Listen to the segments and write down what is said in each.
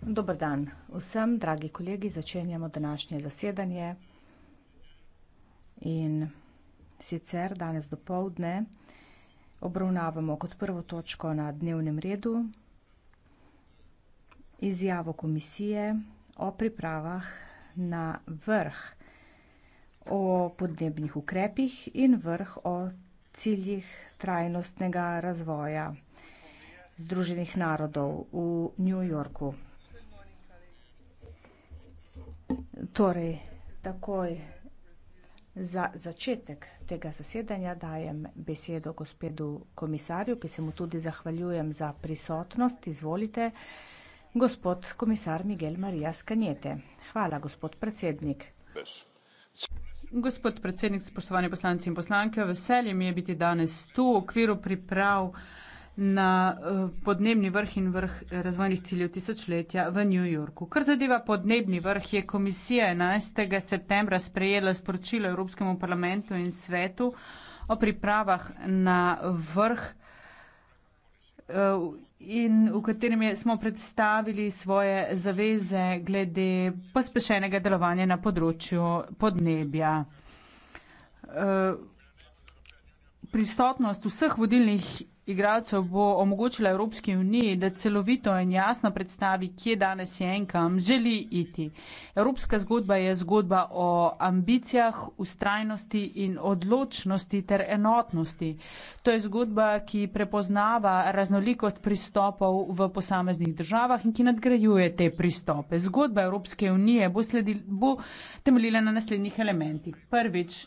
Dober dan vsem, dragi kolegi, začenjamo današnje zasedanje. In sicer danes dopoldne obravnavamo kot prvo točko na dnevnem redu izjavo komisije o pripravah na vrh o podnebnih ukrepih in vrh o ciljih trajnostnega razvoja. Združenih narodov v New Yorku. Torej, takoj za začetek tega zasedanja dajem besedo gospodu komisarju, ki se mu tudi zahvaljujem za prisotnost. Izvolite, gospod komisar Miguel Maria Skanjete. Hvala, gospod predsednik. Gospod predsednik, spoštovani poslanci in poslanke, veselje mi je biti danes tu v okviru priprav na eh, podnebni vrh in vrh eh, razvojnih ciljev tisočletja v New Yorku. Kar zadeva podnebni vrh, je komisija 11. septembra sprejela sporočilo Evropskemu parlamentu in svetu o pripravah na vrh eh, in v katerem je, smo predstavili svoje zaveze glede pospešenega delovanja na področju podnebja. Pristotnost vseh vodilnih igralcev bo omogočila Evropski uniji, da celovito in jasno predstavi, kje danes je in kam želi iti. Evropska zgodba je zgodba o ambicijah, ustrajnosti in odločnosti ter enotnosti. To je zgodba, ki prepoznava raznolikost pristopov v posameznih državah in ki nadgrajuje te pristope. Zgodba Evropske unije bo, sledil, bo temeljila na naslednjih elementih. Prvič,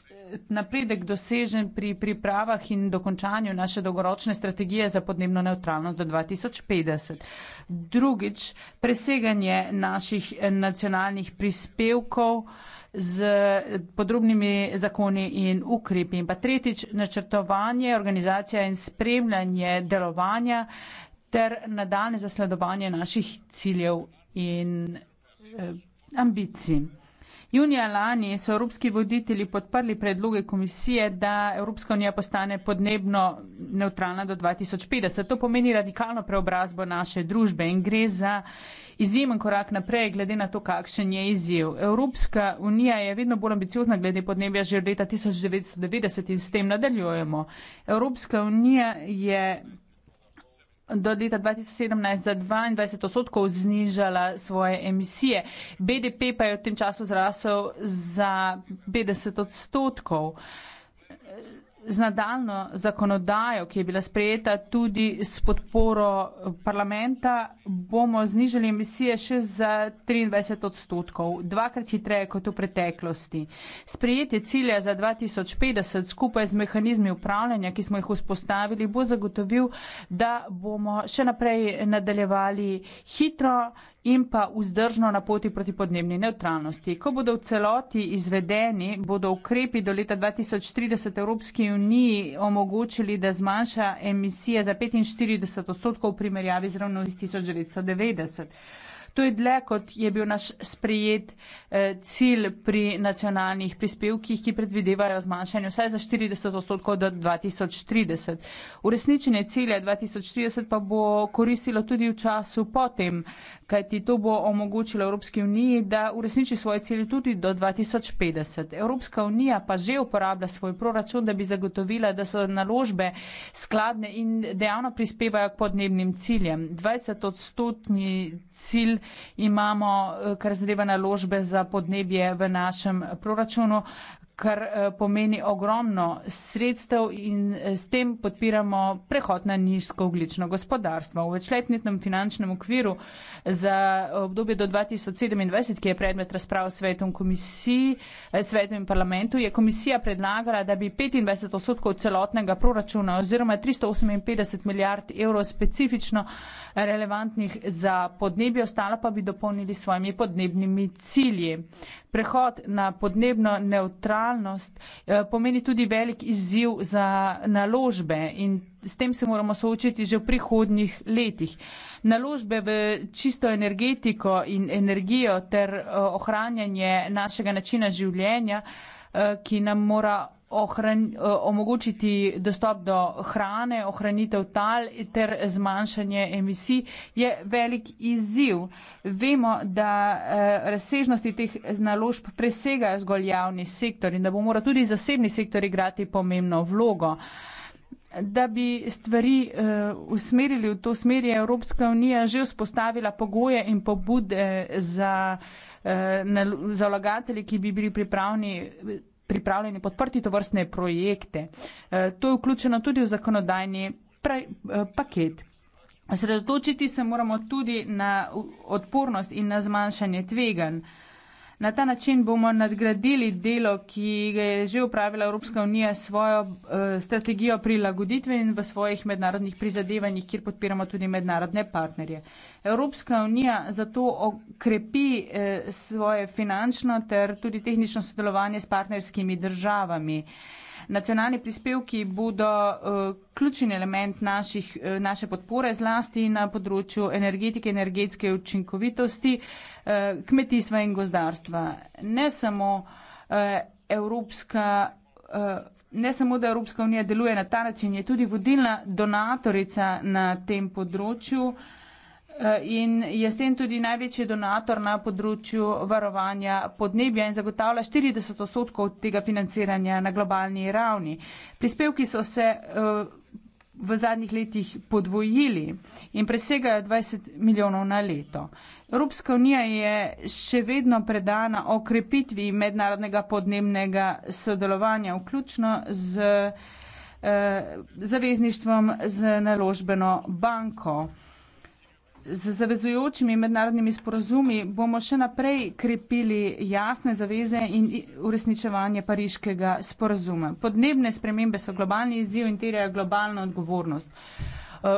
napredek dosežen pri pripravah in dokončanju naše dolgoročne strategije za podnebno neutralnost do 2050. Drugič, preseganje naših eh, nacionalnih prispevkov z eh, podrobnimi zakoni in ukrepi. In pa tretjič, načrtovanje, organizacija in spremljanje delovanja ter nadaljne zasledovanje naših ciljev in eh, ambicij. Junija lani so evropski voditelji podprli predloge komisije, da Evropska unija postane podnebno neutralna do 2050. To pomeni radikalno preobrazbo naše družbe in gre za izjemen korak naprej, glede na to, kakšen je izjiv. Evropska unija je vedno bolj ambiciozna glede podnebja že od leta 1990 in s tem nadaljujemo. Evropska unija je do leta 2017 za 22 odstotkov znižala svoje emisije. BDP pa je v tem času zrasel za 50 odstotkov. Uh, z nadaljno zakonodajo, ki je bila sprejeta tudi s podporo parlamenta, bomo znižali emisije še za 23 odstotkov, dvakrat hitreje kot v preteklosti. Sprejetje cilja za 2050 skupaj z mehanizmi upravljanja, ki smo jih vzpostavili, bo zagotovil, da bomo še naprej nadaljevali hitro in pa vzdržno na poti proti podnebni neutralnosti. Ko bodo v celoti izvedeni, bodo ukrepi do leta 2030 Evropski uniji omogočili, da zmanjša emisije za 45 odstotkov v primerjavi z ravno iz 1990. To je dle, kot je bil naš sprejet eh, cilj pri nacionalnih prispevkih, ki predvidevajo zmanjšanje vsaj za 40 odstotkov do 2030. Uresničenje cilja 2030 pa bo koristilo tudi v času potem, kajti to bo omogočilo Evropski uniji, da uresniči svoje cilje tudi do 2050. Evropska unija pa že uporablja svoj proračun, da bi zagotovila, da so naložbe skladne in dejavno prispevajo k podnebnim ciljem. 20 odstotni cilj imamo, eh, kar zadeva naložbe za podnebje v našem proračunu kar eh, pomeni ogromno sredstev in eh, s tem podpiramo prehod na nizkooglično gospodarstvo. V večletnem finančnem okviru za obdobje do 2027, ki je predmet razprav s svetom komisiji, eh, svetom in parlamentu, je komisija predlagala, da bi 25 odstotkov celotnega proračuna oziroma 358 milijard evrov specifično relevantnih za podnebje, ostalo pa bi dopolnili s svojimi podnebnimi cilji prehod na podnebno neutralnost eh, pomeni tudi velik izziv za naložbe in s tem se moramo soočiti že v prihodnjih letih. Naložbe v čisto energetiko in energijo ter eh, ohranjanje našega načina življenja, eh, ki nam mora ohran, eh, omogočiti dostop do hrane, ohranitev tal ter zmanjšanje emisij je velik izziv. Vemo, da eh, razsežnosti teh naložb presegajo zgolj javni sektor in da bo moral tudi zasebni sektor igrati pomembno vlogo. Da bi stvari uh, usmerili v to smer, je Evropska unija že vzpostavila pogoje in pobude za, uh, za vlagatelje, ki bi bili pripravni pripravljeni podprti to vrstne projekte. E, to je vključeno tudi v zakonodajni e, paket. Osredotočiti se moramo tudi na odpornost in na zmanjšanje tveganj. Na ta način bomo nadgradili delo, ki ga je že upravila Evropska unija s svojo uh, strategijo prilagoditve in v svojih mednarodnih prizadevanjih, kjer podpiramo tudi mednarodne partnerje. Evropska unija zato okrepi uh, svoje finančno ter tudi tehnično sodelovanje s partnerskimi državami. Uh, Nacionalni prispevki bodo uh, eh, ključen element naših, uh, naše podpore zlasti na področju energetike, energetske učinkovitosti, uh, kmetijstva in gozdarstva. Ne samo, uh, Evropska, uh, ne samo, da Evropska unija deluje na ta način, je tudi vodilna donatorica na tem področju. Uh, in je s tem tudi največji donator na področju varovanja podnebja in zagotavlja 40 odstotkov tega financiranja na globalni ravni. Prispevki so se v zadnjih letih podvojili in presegajo 20 milijonov na leto. Evropska unija je še vedno predana okrepitvi mednarodnega podnebnega sodelovanja, vključno z eh, zavezništvom z naložbeno banko. Z zavezujočimi mednarodnimi sporozumi bomo še naprej krepili jasne zaveze in uresničevanje pariškega sporozuma. Podnebne spremembe so globalni izziv in terjajo globalno odgovornost. Eh,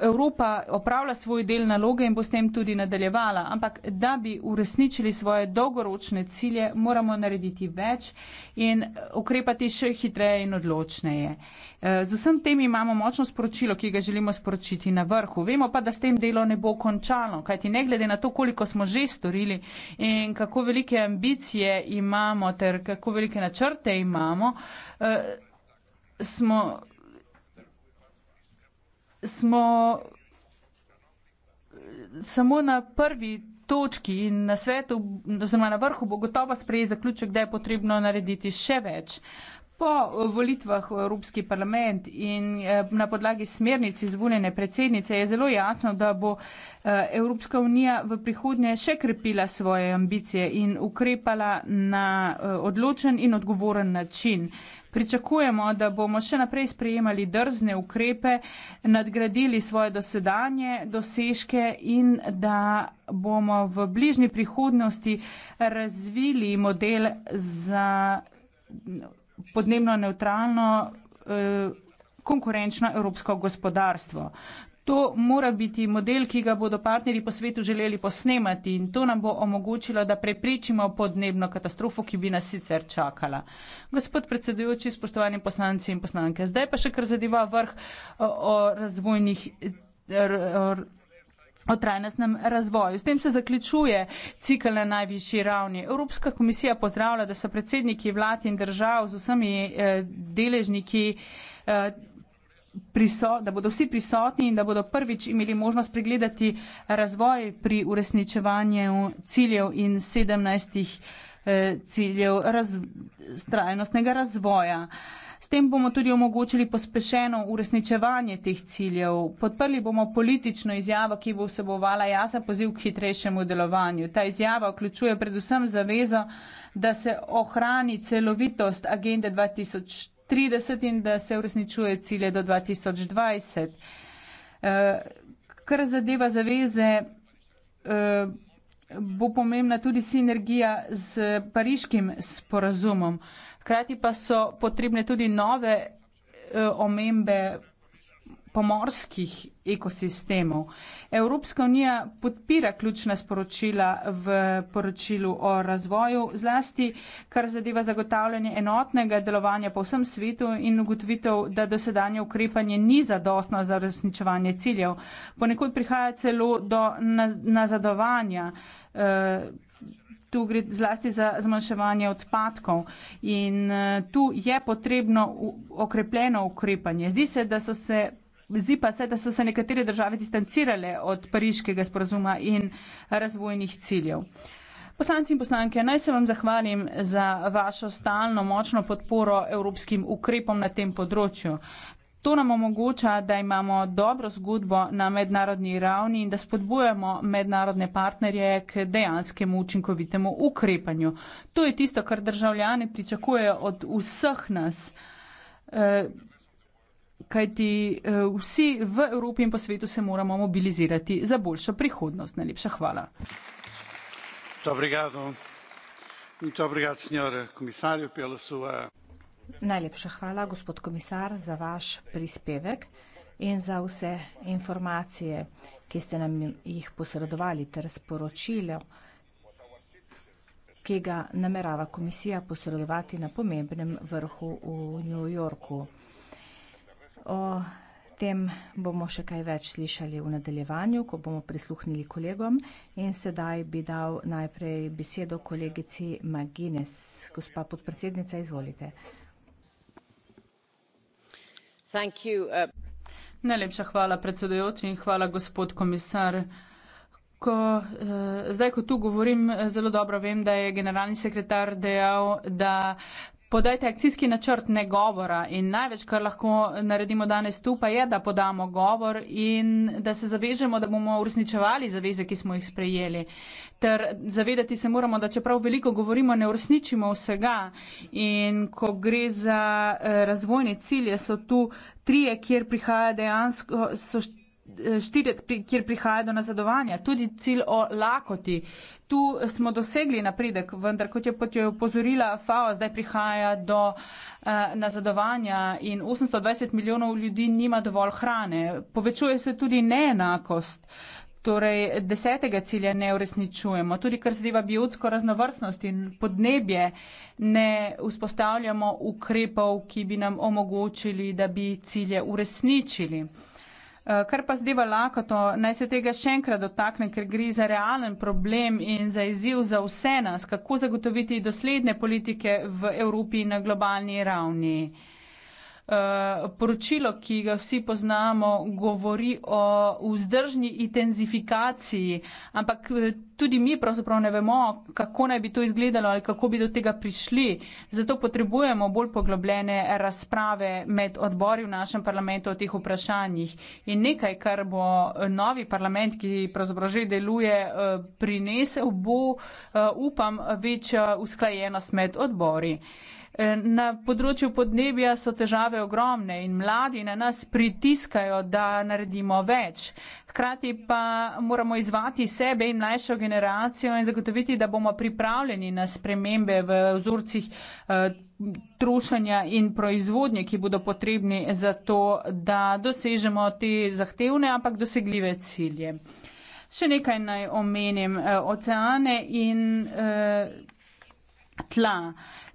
Evropa opravlja svoj del naloge in bo s tem tudi nadaljevala, ampak da bi uresničili svoje dolgoročne cilje, moramo narediti več in eh, ukrepati še hitreje in odločneje. Eh, z vsem tem imamo močno sporočilo, ki ga želimo sporočiti na vrhu. Vemo pa, da s tem delo ne bo končalo, kajti ne glede na to, koliko smo že storili in kako velike ambicije imamo ter kako velike načrte imamo, smo smo samo na prvi točki in na svetu, oziroma na vrhu, bo gotovo sprejet zaključek, da je potrebno narediti še več. Uh, Po eh, volitvah v Evropski parlament in eh, na podlagi smernic izvoljene predsednice je zelo jasno, da bo eh, Evropska unija v prihodnje še krepila svoje ambicije in ukrepala na odločen in odgovoren način. Pričakujemo, da bomo še naprej sprejemali drzne ukrepe, nadgradili svoje dosedanje dosežke in da bomo v bližnji prihodnosti razvili model za podnebno neutralno, eh, konkurenčno evropsko gospodarstvo. To mora biti model, ki ga bodo partnerji po svetu želeli posnemati in to nam bo omogočilo, da preprečimo podnebno katastrofo, ki bi nas sicer čakala. Gospod predsedujoči, spoštovani poslanci in poslanke, zdaj pa še kar zadeva vrh o, eh, o razvojnih. O, o, o trajnostnem razvoju. S tem se zaključuje cikl na najvišji ravni. Evropska komisija pozdravlja, da so predsedniki vlad in držav z vsemi eh, deležniki eh, da bodo vsi prisotni in da bodo prvič imeli možnost pregledati razvoj pri uresničevanju ciljev in sedemnajstih eh, ciljev raz, trajnostnega razvoja. S tem bomo tudi omogočili pospešeno uresničevanje teh ciljev. Podprli bomo politično izjavo, ki bo vsebovala jasen poziv k hitrejšemu delovanju. Ta izjava vključuje predvsem zavezo, da se ohrani celovitost agende 2030 in da se uresničuje cilje do 2020. Eh, kar zadeva zaveze, eh, bo pomembna tudi sinergija z pariškim sporazumom. Hkrati pa so potrebne tudi nove eh, omembe pomorskih ekosistemov. Evropska unija podpira ključna sporočila v poročilu o razvoju, zlasti kar zadeva zagotavljanje enotnega delovanja po vsem svetu in ugotovitev, da dosedanje ukrepanje ni zadostno za uresničevanje ciljev. Ponekod prihaja celo do nazadovanja. Eh, tu gre zlasti za zmanjševanje odpadkov in eh, tu je potrebno okrepljeno ukrepanje. Zdi se, da so se zdi pa se, da so se nekatere države distancirale od pariškega sporazuma in razvojnih ciljev. Poslanci in poslanke, naj se vam zahvalim za vašo stalno močno podporo evropskim ukrepom na tem področju. To nam omogoča, da imamo dobro zgodbo na mednarodni ravni in da spodbujamo mednarodne partnerje k dejanskemu učinkovitemu ukrepanju. To je tisto, kar državljane pričakujejo od vseh nas. Eh, kajti eh, vsi v Evropi in po svetu se moramo mobilizirati za boljšo prihodnost. Najlepša hvala. Najlepša hvala, gospod komisar, za vaš prispevek in za vse informacije, ki ste nam jih posredovali ter sporočilo, ki ga namerava komisija posredovati na pomembnem vrhu v New Yorku. O tem bomo še kaj več slišali v nadaljevanju, ko bomo prisluhnili kolegom. In sedaj bi dal najprej besedo kolegici Magines. Gospa podpredsednica, izvolite. Uh, Najlepša hvala, predsedujoči, in hvala, gospod komisar. Ko, eh, zdaj, ko tu govorim, eh, zelo dobro vem, da je generalni sekretar dejal, da Podajte akcijski načrt, ne govora. In največ, kar lahko naredimo danes tu, pa je, da podamo govor in da se zavežemo, da bomo uresničevali zaveze, ki smo jih sprejeli. Ter zavedati se moramo, da čeprav veliko govorimo, ne uresničimo vsega. In ko gre za eh, razvojne cilje, so tu trije, kjer prihaja dejansko štiri, kjer prihaja do nazadovanja, tudi cilj o lakoti. Tu smo dosegli napredek, vendar kot je upozorila FAO, zdaj prihaja do eh, nazadovanja in 820 milijonov ljudi nima dovolj hrane. Povečuje se tudi neenakost. Torej, desetega cilja ne uresničujemo. Tudi, kar zadeva biotsko raznovrstnost in podnebje, ne vzpostavljamo ukrepov, ki bi nam omogočili, da bi cilje uresničili. Eh, kar pa zdaj lakoto, naj se tega še enkrat dotaknem, ker gre za realen problem in za izziv za vse nas, kako zagotoviti dosledne politike v Evropi na globalni ravni. Eh, poročilo, ki ga vsi poznamo, govori o vzdržni intenzifikaciji, ampak eh, tudi mi pravzaprav ne vemo, kako naj bi to izgledalo ali kako bi do tega prišli. Zato potrebujemo bolj poglobljene razprave med odbori v našem parlamentu o teh vprašanjih. In nekaj, kar bo novi parlament, ki pravzaprav že deluje, eh, prinesel, bo, upam, večja usklajenost med odbori. Eh, na področju podnebja so težave ogromne in mladi na nas pritiskajo, da naredimo več. Hkrati pa moramo izvati sebe in mlajšo generacijo in zagotoviti, da bomo pripravljeni na spremembe v vzorcih eh, trošanja in proizvodnje, ki bodo potrebni za to, da dosežemo te zahtevne, ampak dosegljive cilje. Še nekaj naj omenim. Eh, oceane in tla.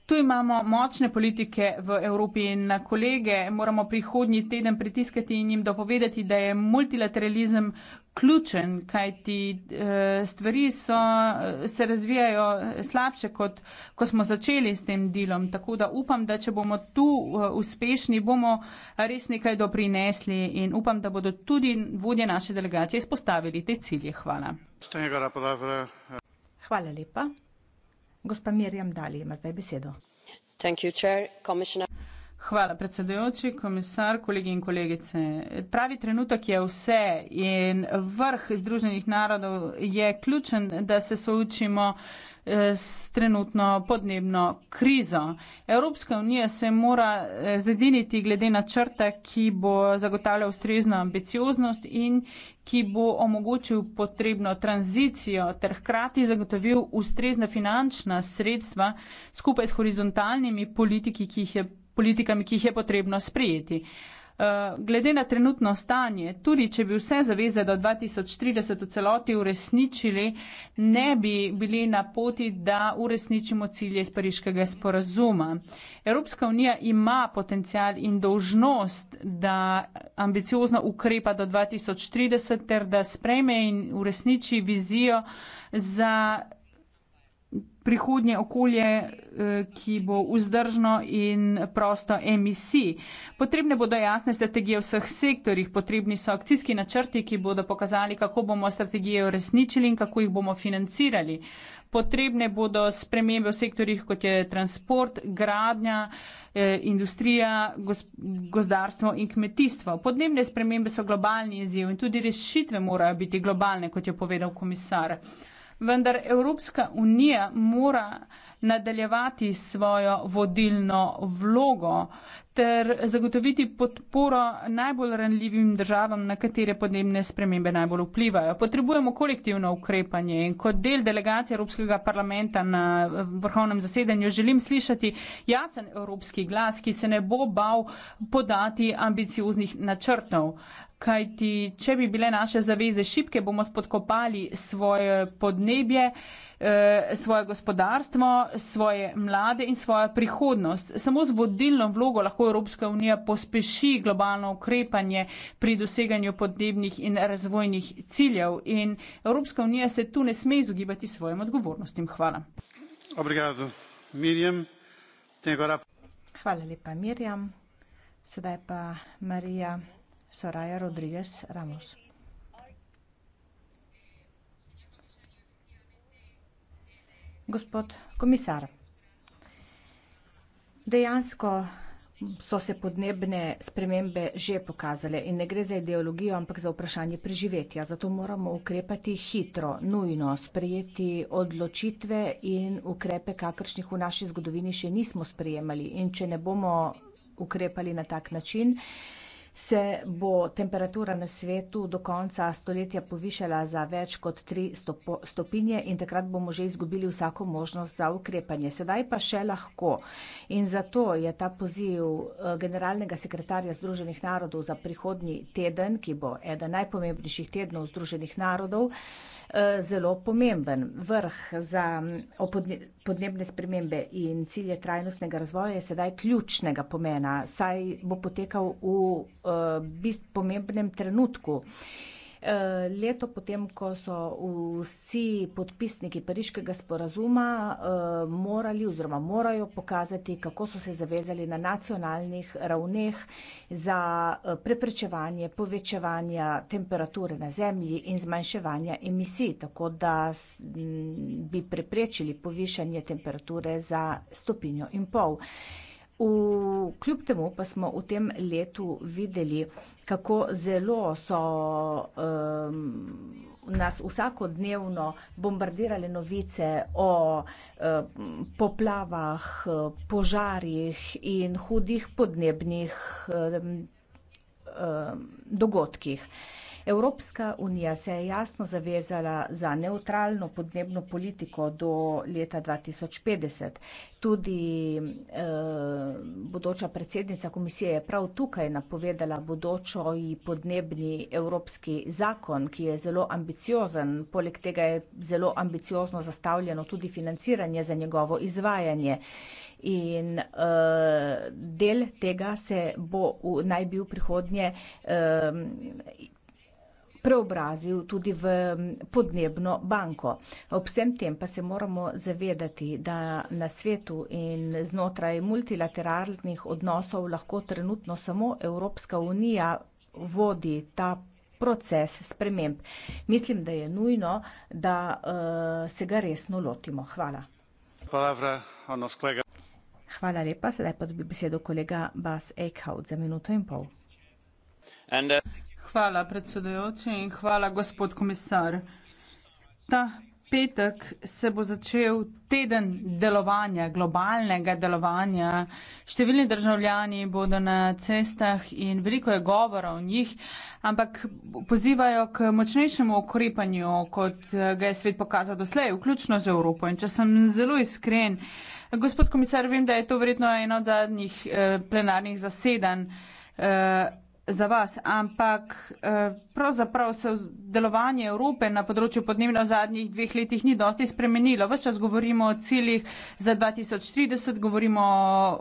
Tu imamo močne politike v Evropi in na kolege moramo prihodnji teden pritiskati in jim dopovedati, da je multilateralizem ključen, kaj ti eh, stvari so, eh, se razvijajo eh, slabše, kot ko smo začeli s tem delom. Tako da upam, da če bomo tu uspešni, bomo res nekaj doprinesli in upam, da bodo tudi vodje naše delegacije izpostavili te cilje. Hvala. Hvala lepa. Gospa Mirjam Dali ima zdaj besedo. Hvala, predsedujoči, komisar, kolegi in kolegice. Pravi trenutek je vse in vrh Združenih narodov je ključen, da se soočimo uh, Eh, s trenutno podnebno krizo. Evropska unija se mora eh, zediniti glede na črta, ki bo zagotavljal ustrezno ambicioznost in ki bo omogočil potrebno tranzicijo ter hkrati zagotovil ustrezna finančna sredstva skupaj s horizontalnimi politiki, ki jih je, politikami, ki jih je potrebno sprijeti. Eh, glede na trenutno stanje, tudi če bi vse zaveze do 2030 v celoti uresničili, ne bi bili na poti, da uresničimo cilje iz Pariškega sporazuma. Evropska unija ima potencial in dolžnost, da ambiciozno ukrepa do 2030 ter da sprejme in uresniči vizijo za prihodnje okolje, eh, ki bo vzdržno in prosto emisij. Potrebne bodo jasne strategije v vseh sektorjih, potrebni so akcijski načrti, ki bodo pokazali, kako bomo strategije uresničili in kako jih bomo financirali. Potrebne bodo spremembe v sektorjih, kot je transport, gradnja, eh, industrija, gozdarstvo in kmetijstvo. Podnebne spremembe so globalni izziv in tudi rešitve morajo biti globalne, kot je povedal komisar vendar Evropska unija mora nadaljevati svojo vodilno vlogo ter zagotoviti podporo najbolj ranljivim državam, na katere podnebne spremembe najbolj vplivajo. Potrebujemo kolektivno ukrepanje in kot del delegacije Evropskega parlamenta na eh, vrhovnem zasedanju želim slišati jasen evropski glas, ki se ne bo bal podati ambicioznih načrtov. Uh, kajti če bi bile naše zaveze šibke, bomo spodkopali svoje podnebje, eh, svoje gospodarstvo, svoje mlade in svojo prihodnost. Samo z vodilno vlogo lahko Evropska unija pospeši globalno ukrepanje pri doseganju podnebnih in razvojnih ciljev in Evropska unija se tu ne sme izogibati svojim odgovornostim. Hvala. Obrigado. Mirjam. Hvala lepa, Mirjam. Sedaj pa Marija. Soraya Rodríguez Ramos. Gospod komisar, dejansko so se podnebne spremembe že pokazale in ne gre za ideologijo, ampak za vprašanje preživetja. Zato moramo ukrepati hitro, nujno, sprejeti odločitve in ukrepe, kakršnih v naši zgodovini še nismo sprejemali. In če ne bomo ukrepali na tak način, se bo temperatura na svetu do konca stoletja povišala za več kot tri stopinje in takrat bomo že izgubili vsako možnost za ukrepanje. Sedaj pa še lahko. In zato je ta poziv eh, generalnega sekretarja Združenih narodov za prihodnji teden, ki bo eden najpomembnejših tednov Združenih narodov, Eh, zelo pomemben. Vrh za podnebne spremembe in cilje trajnostnega razvoja je sedaj ključnega pomena, saj bo potekal v uh, eh, bistvu pomembnem trenutku. Uh, Eh, leto potem, ko so vsi podpisniki pariškega sporazuma eh, morali oziroma morajo pokazati, kako so se zavezali na nacionalnih ravneh za eh, preprečevanje povečevanja temperature na zemlji in zmanjševanja emisij, tako da bi preprečili povišanje temperature za stopinjo in pol. V, kljub temu pa smo v tem letu videli, kako zelo so um, nas vsakodnevno bombardirale novice o um, poplavah, požarjih in hudih podnebnih um, um, dogodkih. Uh, Evropska unija se je jasno zavezala za neutralno podnebno politiko do leta 2050. Tudi eh, bodoča predsednica komisije je prav tukaj napovedala bodočo podnebni evropski zakon, ki je zelo ambiciozen. Poleg tega je zelo ambiciozno zastavljeno tudi financiranje za njegovo izvajanje. In uh, del tega se bo v, naj bi v prihodnje uh, preobrazil tudi v podnebno banko. Ob vsem tem pa se moramo zavedati, da na svetu in znotraj multilateralnih odnosov lahko trenutno samo Evropska unija vodi ta proces sprememb. Mislim, da je nujno, da uh, se ga resno lotimo. Hvala. Hvala lepa. Sedaj pa dobi besedo kolega Bas Eichhout za minuto in pol. And, uh... Hvala, predsedajoči in hvala, gospod komisar. Ta petek se bo začel teden delovanja, globalnega delovanja. Številni državljani bodo na cestah in veliko je govora o njih, ampak pozivajo k močnejšemu okrepanju, kot ga je svet pokazal doslej, vključno z Evropo. In če sem zelo iskren, gospod komisar, vem, da je to verjetno ena od zadnjih eh, plenarnih zasedanj. Eh, za vas, ampak eh, pravzaprav se delovanje Evrope na področju podnebja v zadnjih dveh letih ni dosti spremenilo. Ves čas govorimo o ciljih za 2030, govorimo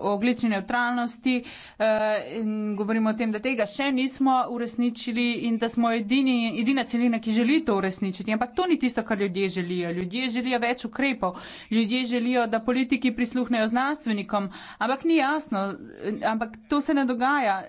o oglični neutralnosti eh, in govorimo o tem, da tega še nismo uresničili in da smo edini, edina celina, ki želi to uresničiti. Ampak to ni tisto, kar ljudje želijo. Ljudje želijo več ukrepov. Ljudje želijo, da politiki prisluhnejo znanstvenikom. Ampak ni jasno, eh, ampak to se ne dogaja,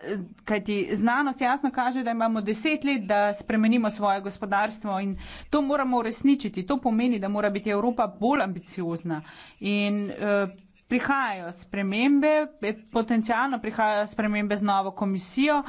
kajti znanstveniki znanost jasno kaže, da imamo deset let, da spremenimo svoje gospodarstvo in to moramo uresničiti. To pomeni, da mora biti Evropa bolj ambiciozna. In, uh, Prihajajo spremembe, eh, potencialno prihajajo spremembe z novo komisijo. Uh,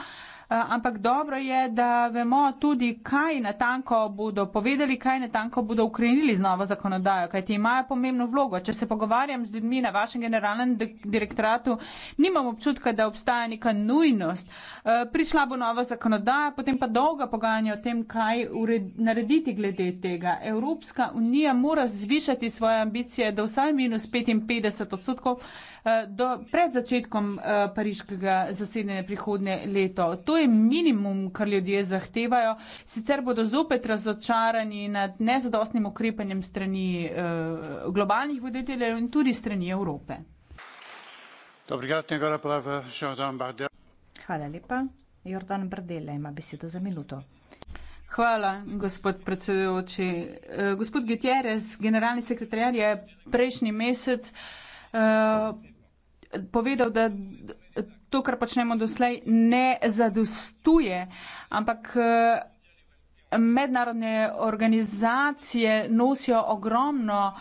Eh, ampak dobro je, da vemo tudi, kaj natanko bodo povedali, kaj natanko bodo ukrenili z novo zakonodajo, kajti imajo pomembno vlogo. Če se pogovarjam z ljudmi na vašem generalnem direktoratu, nimam občutka, da obstaja neka nujnost. Eh, prišla bo nova zakonodaja, potem pa dolga pogajanja o tem, kaj narediti glede tega. Evropska unija mora zvišati svoje ambicije do vsaj minus 55 odstotkov eh, pred začetkom pariškega zasedanja prihodnje leto. To je minimum, kar ljudje zahtevajo. Sicer bodo zopet razočarani nad nezadostnim ukrepanjem strani eh, globalnih voditeljev in tudi strani Evrope. Hvala lepa. Jordan Brdele ima besedo za minuto. Hvala, gospod predsedujoči. Eh, gospod Gutierrez, generalni sekretar je prejšnji mesec uh, povedal, da to, kar počnemo doslej, ne zadostuje, ampak eh, mednarodne organizacije nosijo ogromno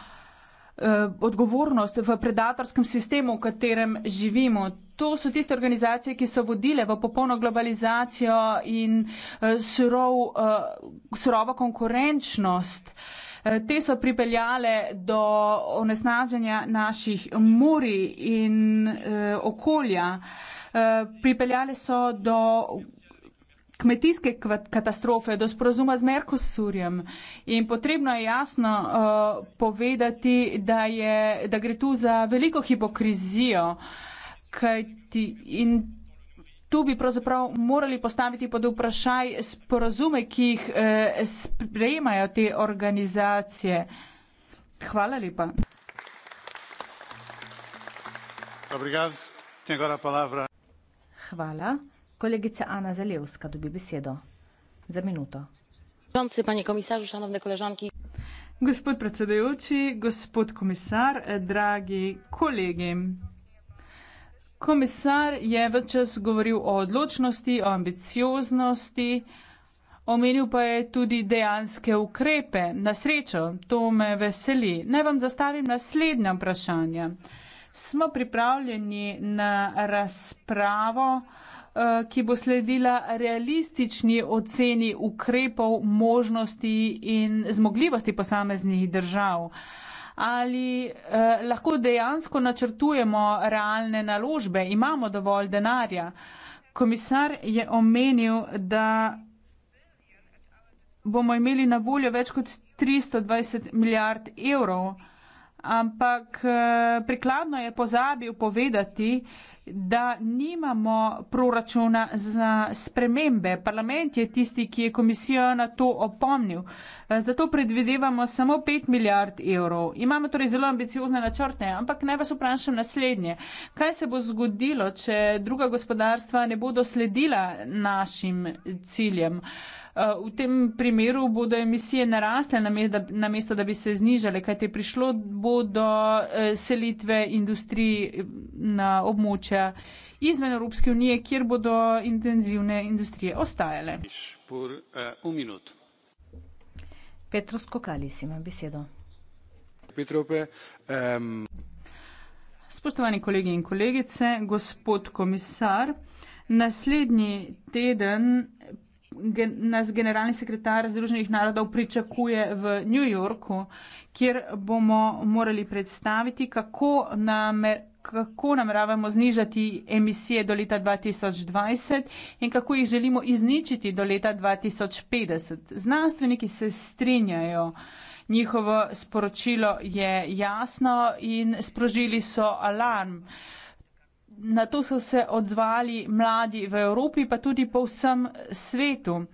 eh, odgovornost v predatorskem sistemu, v katerem živimo. To so tiste organizacije, ki so vodile v popolno globalizacijo in eh, surov, surovo konkurenčnost. Eh, te so pripeljale do onesnaženja naših mori in eh, okolja, eh, pripeljale so do kmetijske katastrofe, do sporozuma z Merkosurjem. In potrebno je jasno povedati, da, je, da gre tu za veliko hipokrizijo. In tu bi pravzaprav morali postaviti pod vprašaj sporozume, ki jih eh, sprejemajo te organizacije. Hvala lepa. Hvala. Kolegica Ana Zalevska dobi besedo za minuto. Gospod predsedujoči, gospod komisar, eh, dragi kolegi. Komisar je vse čas govoril o odločnosti, o ambicioznosti, omenil pa je tudi dejanske ukrepe. Na srečo, to me veseli. Naj vam zastavim naslednja vprašanja. Smo pripravljeni na razpravo, eh, ki bo sledila realistični oceni ukrepov, možnosti in zmogljivosti posameznih držav ali eh, lahko dejansko načrtujemo realne naložbe, imamo dovolj denarja. Komisar je omenil, da bomo imeli na voljo več kot 320 milijard evrov, ampak eh, prikladno je pozabil povedati, da nimamo proračuna za spremembe. Parlament je tisti, ki je komisijo na to opomnil. E, zato predvidevamo samo 5 milijard evrov. Imamo torej zelo ambiciozne načrte, ampak naj vas vprašam naslednje. Kaj se bo zgodilo, če druga gospodarstva ne bodo sledila našim ciljem? Uh, Eh, v tem primeru bodo emisije narasle, namesto da bi se znižale, kajte prišlo bo do eh, selitve industrij eh, na območja izven Evropske unije, kjer bodo intenzivne industrije ostajale. Petrus Kokalis ima besedo. Petrope, um... Spoštovani kolegi in kolegice, gospod komisar, naslednji teden gen, nas generalni sekretar Združenih narodov pričakuje v New Yorku, kjer bomo morali predstaviti, kako, namer, kako nameravamo znižati emisije do leta 2020 in kako jih želimo izničiti do leta 2050. Znanstveniki se strinjajo. Njihovo sporočilo je jasno in sprožili so alarm. Uh, na to so se odzvali mladi v Evropi, pa tudi po vsem svetu.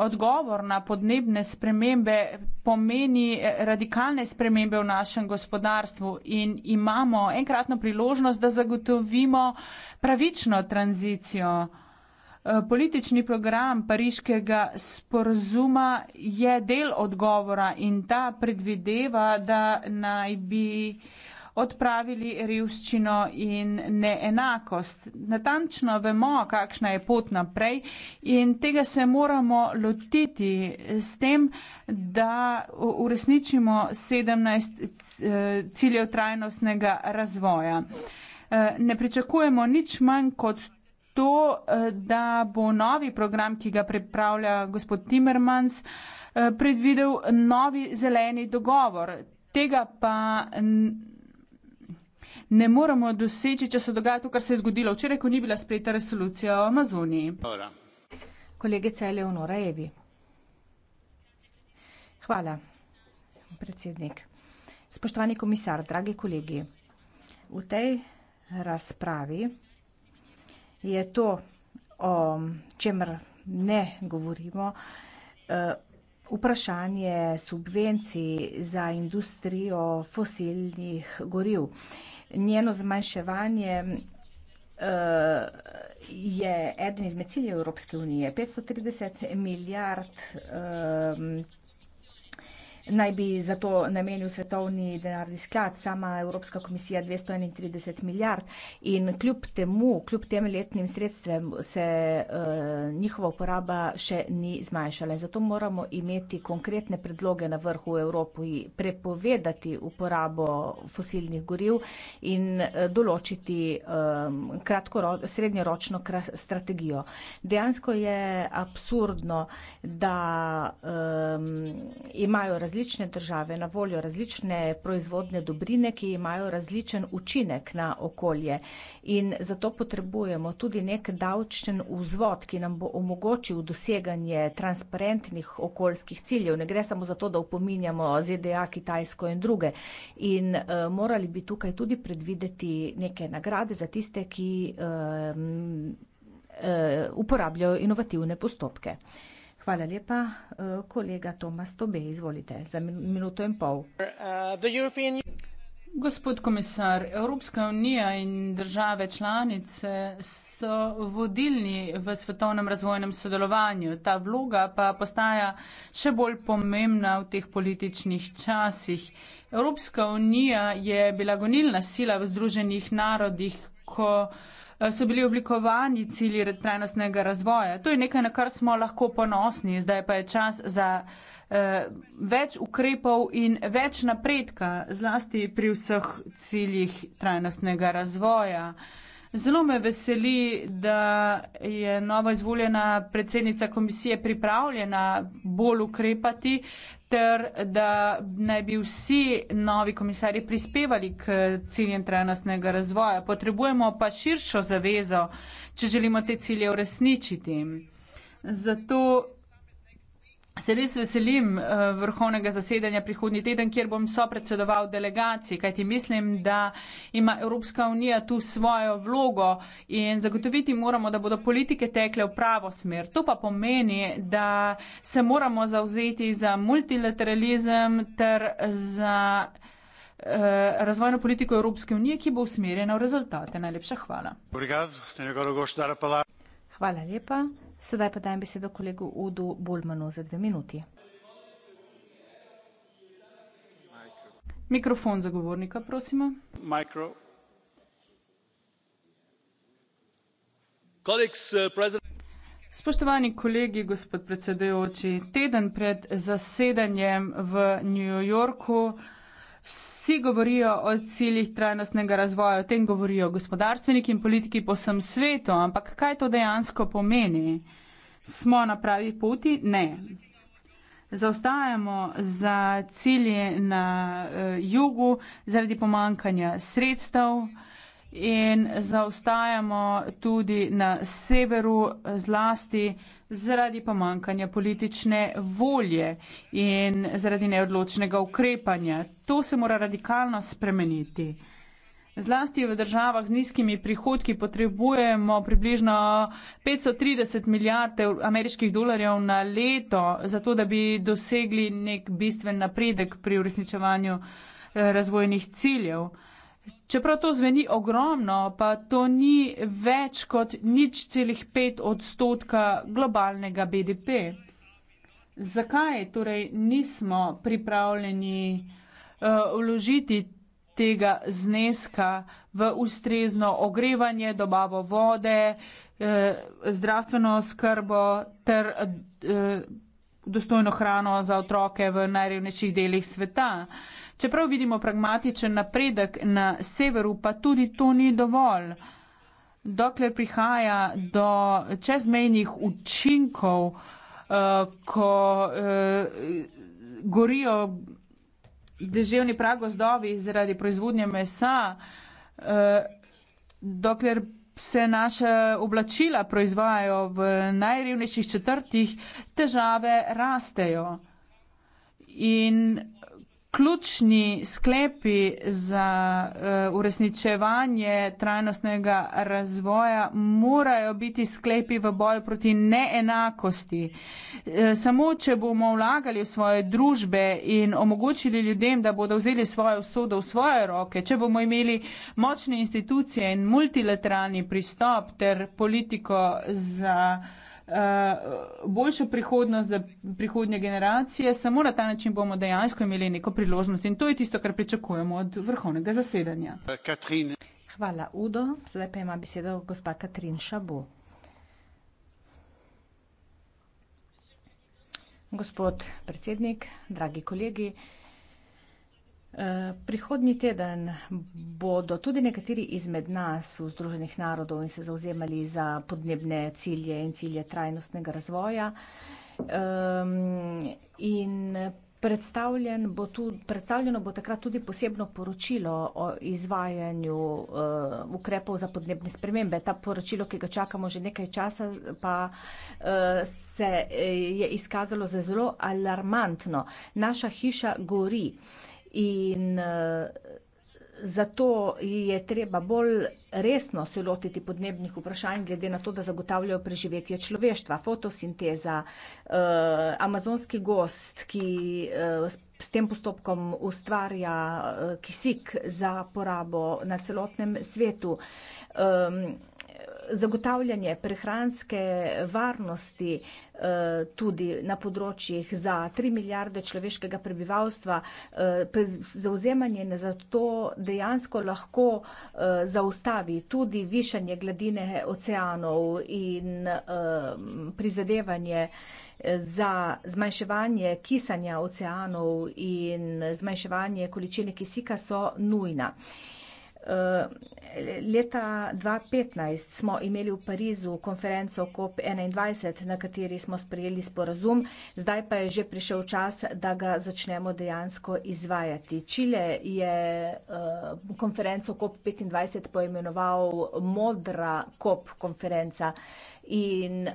Odgovor na podnebne spremembe pomeni eh, radikalne spremembe v našem gospodarstvu in imamo enkratno priložnost, da zagotovimo pravično tranzicijo. Eh, politični program pariškega sporozuma je del odgovora in ta predvideva, da naj bi odpravili revščino in neenakost. Natančno vemo, kakšna je pot naprej in tega se moramo lotiti s tem, da uresničimo 17 eh, ciljev trajnostnega razvoja. Eh, ne pričakujemo nič manj kot to, eh, da bo novi program, ki ga pripravlja gospod Timmermans, predvidel novi zeleni dogovor. Tega pa ne moremo doseči, če se dogaja to, kar se je zgodilo včeraj, ko ni bila sprejeta resolucija o Amazoniji. Hvala. Kolegica Eleonora Evi. Hvala, predsednik. Spoštovani komisar, dragi kolegi, v tej razpravi je to, o čemer ne govorimo, eh, vprašanje subvencij za industrijo fosilnih goriv njeno zmanjševanje eh, je eden izmed ciljev Evropske unije. 530 milijard ehm, naj bi za to namenil svetovni denarni sklad, sama Evropska komisija 231 milijard in kljub temu, kljub tem letnim sredstvem se uh, njihova uporaba še ni zmanjšala. Zato moramo imeti konkretne predloge na vrhu Evropi, prepovedati uporabo fosilnih goriv in uh, določiti um, eh, kratko, srednjeročno strategijo. Dejansko je absurdno, da um, imajo različne različne države na voljo različne proizvodne dobrine, ki imajo različen učinek na okolje. In zato potrebujemo tudi nek davčen vzvod, ki nam bo omogočil doseganje transparentnih okoljskih ciljev. Ne gre samo za to, da upominjamo ZDA, Kitajsko in druge. In e, morali bi tukaj tudi predvideti neke nagrade za tiste, ki e, e, uporabljajo inovativne postopke. Hvala lepa. Eh, kolega Tomas Tobe, izvolite za minuto in pol. Gospod komisar, Evropska unija in države članice so vodilni v svetovnem razvojnem sodelovanju. Ta vloga pa postaja še bolj pomembna v teh političnih časih. Evropska unija je bila gonilna sila v Združenih narodih, ko Eh, so bili oblikovani cilji trajnostnega razvoja. To je nekaj, na kar smo lahko ponosni. Zdaj pa je čas za eh, več ukrepov in več napredka, zlasti pri vseh ciljih trajnostnega razvoja. Eh, Zelo me veseli, da je nova izvoljena predsednica komisije pripravljena bolj ukrepati ter da naj bi vsi novi komisarji prispevali k ciljem trajnostnega razvoja. Potrebujemo pa širšo zavezo, če želimo te cilje uresničiti. Zato Se res veselim eh, vrhovnega zasedanja prihodnji teden, kjer bom sopredsedoval delegaciji, kajti mislim, da ima Evropska unija tu svojo vlogo in zagotoviti moramo, da bodo politike tekle v pravo smer. To pa pomeni, da se moramo zauzeti za multilateralizem ter za eh, razvojno politiko Evropske unije, ki bo usmerjena v rezultate. Najlepša hvala. Hvala lepa. Sedaj pa dajem besedo kolegu Udu Bulmanu za dve minuti. Mikrofon zagovornika, prosimo. Uh, Spoštovani kolegi, gospod predsedujoči, teden pred zasedanjem v New Yorku Vsi govorijo o ciljih trajnostnega razvoja, o tem govorijo gospodarstveniki in politiki po vsem svetu, ampak kaj to dejansko pomeni? Smo na pravi poti? Ne. Zaostajamo za cilje na eh, jugu zaradi pomankanja sredstev in zaostajamo tudi na severu, zlasti zaradi pomankanja politične volje in zaradi neodločnega ukrepanja. To se mora radikalno spremeniti. Zlasti v državah z nizkimi prihodki potrebujemo približno 530 milijard ameriških dolarjev na leto, zato da bi dosegli nek bistven napredek pri uresničevanju eh, razvojnih ciljev. Čeprav to zveni ogromno, pa to ni več kot nič celih pet odstotka globalnega BDP. Zakaj torej nismo pripravljeni eh, vložiti tega zneska v ustrezno ogrevanje, dobavo vode, eh, zdravstveno skrbo ter eh, dostojno hrano za otroke v najrevnejših delih sveta? Čeprav vidimo pragmatičen napredek na severu, pa tudi to ni dovolj. Dokler prihaja do čezmejnih učinkov, eh, ko eh, gorijo deževni pragozdovi zaradi proizvodnje mesa, eh, dokler se naše oblačila proizvajajo v najrevnejših četrtih, težave rastejo. In ključni sklepi za uh, uresničevanje trajnostnega razvoja morajo biti sklepi v boju proti neenakosti. Uh, samo, če bomo vlagali v svoje družbe in omogočili ljudem, da bodo vzeli svojo usodo v svoje roke, če bomo imeli močne institucije in multilateralni pristop ter politiko za uh, Eh, boljšo prihodnost za prihodnje generacije. Samo na ta način bomo dejansko imeli neko priložnost in to je tisto, kar pričakujemo od vrhovnega zasedanja. Katrin. Eh, Hvala, Udo. Zdaj pa ima besedo gospa Katrin Šabo. Gospod predsednik, dragi kolegi. Eh, prihodnji teden bodo tudi nekateri izmed nas v Združenih narodov in se zauzemali za podnebne cilje in cilje trajnostnega razvoja. In predstavljen bo tudi, predstavljeno bo takrat tudi posebno poročilo o izvajanju eh, ukrepov za podnebne spremembe. Ta poročilo, ki ga čakamo že nekaj časa, pa eh, se je izkazalo za zelo alarmantno. Naša hiša gori. In uh, zato je treba bolj resno se lotiti podnebnih vprašanj, glede na to, da zagotavljajo preživetje človeštva. Fotosinteza, uh, amazonski gost, ki uh, s tem postopkom ustvarja uh, kisik za porabo na celotnem svetu. Um, zagotavljanje prehranske varnosti eh, tudi na področjih za tri milijarde človeškega prebivalstva, eh, zauzemanje ne za to dejansko lahko eh, zaustavi tudi višanje gladine oceanov in prizadevanje za zmanjševanje kisanja oceanov in zmanjševanje količine kisika so nujna. Leta 2015 smo imeli v Parizu konferenco COP21, na kateri smo sprejeli sporazum, zdaj pa je že prišel čas, da ga začnemo dejansko izvajati. Čile je uh, konferenco COP25 poimenoval modra COP konferenca. In, eh,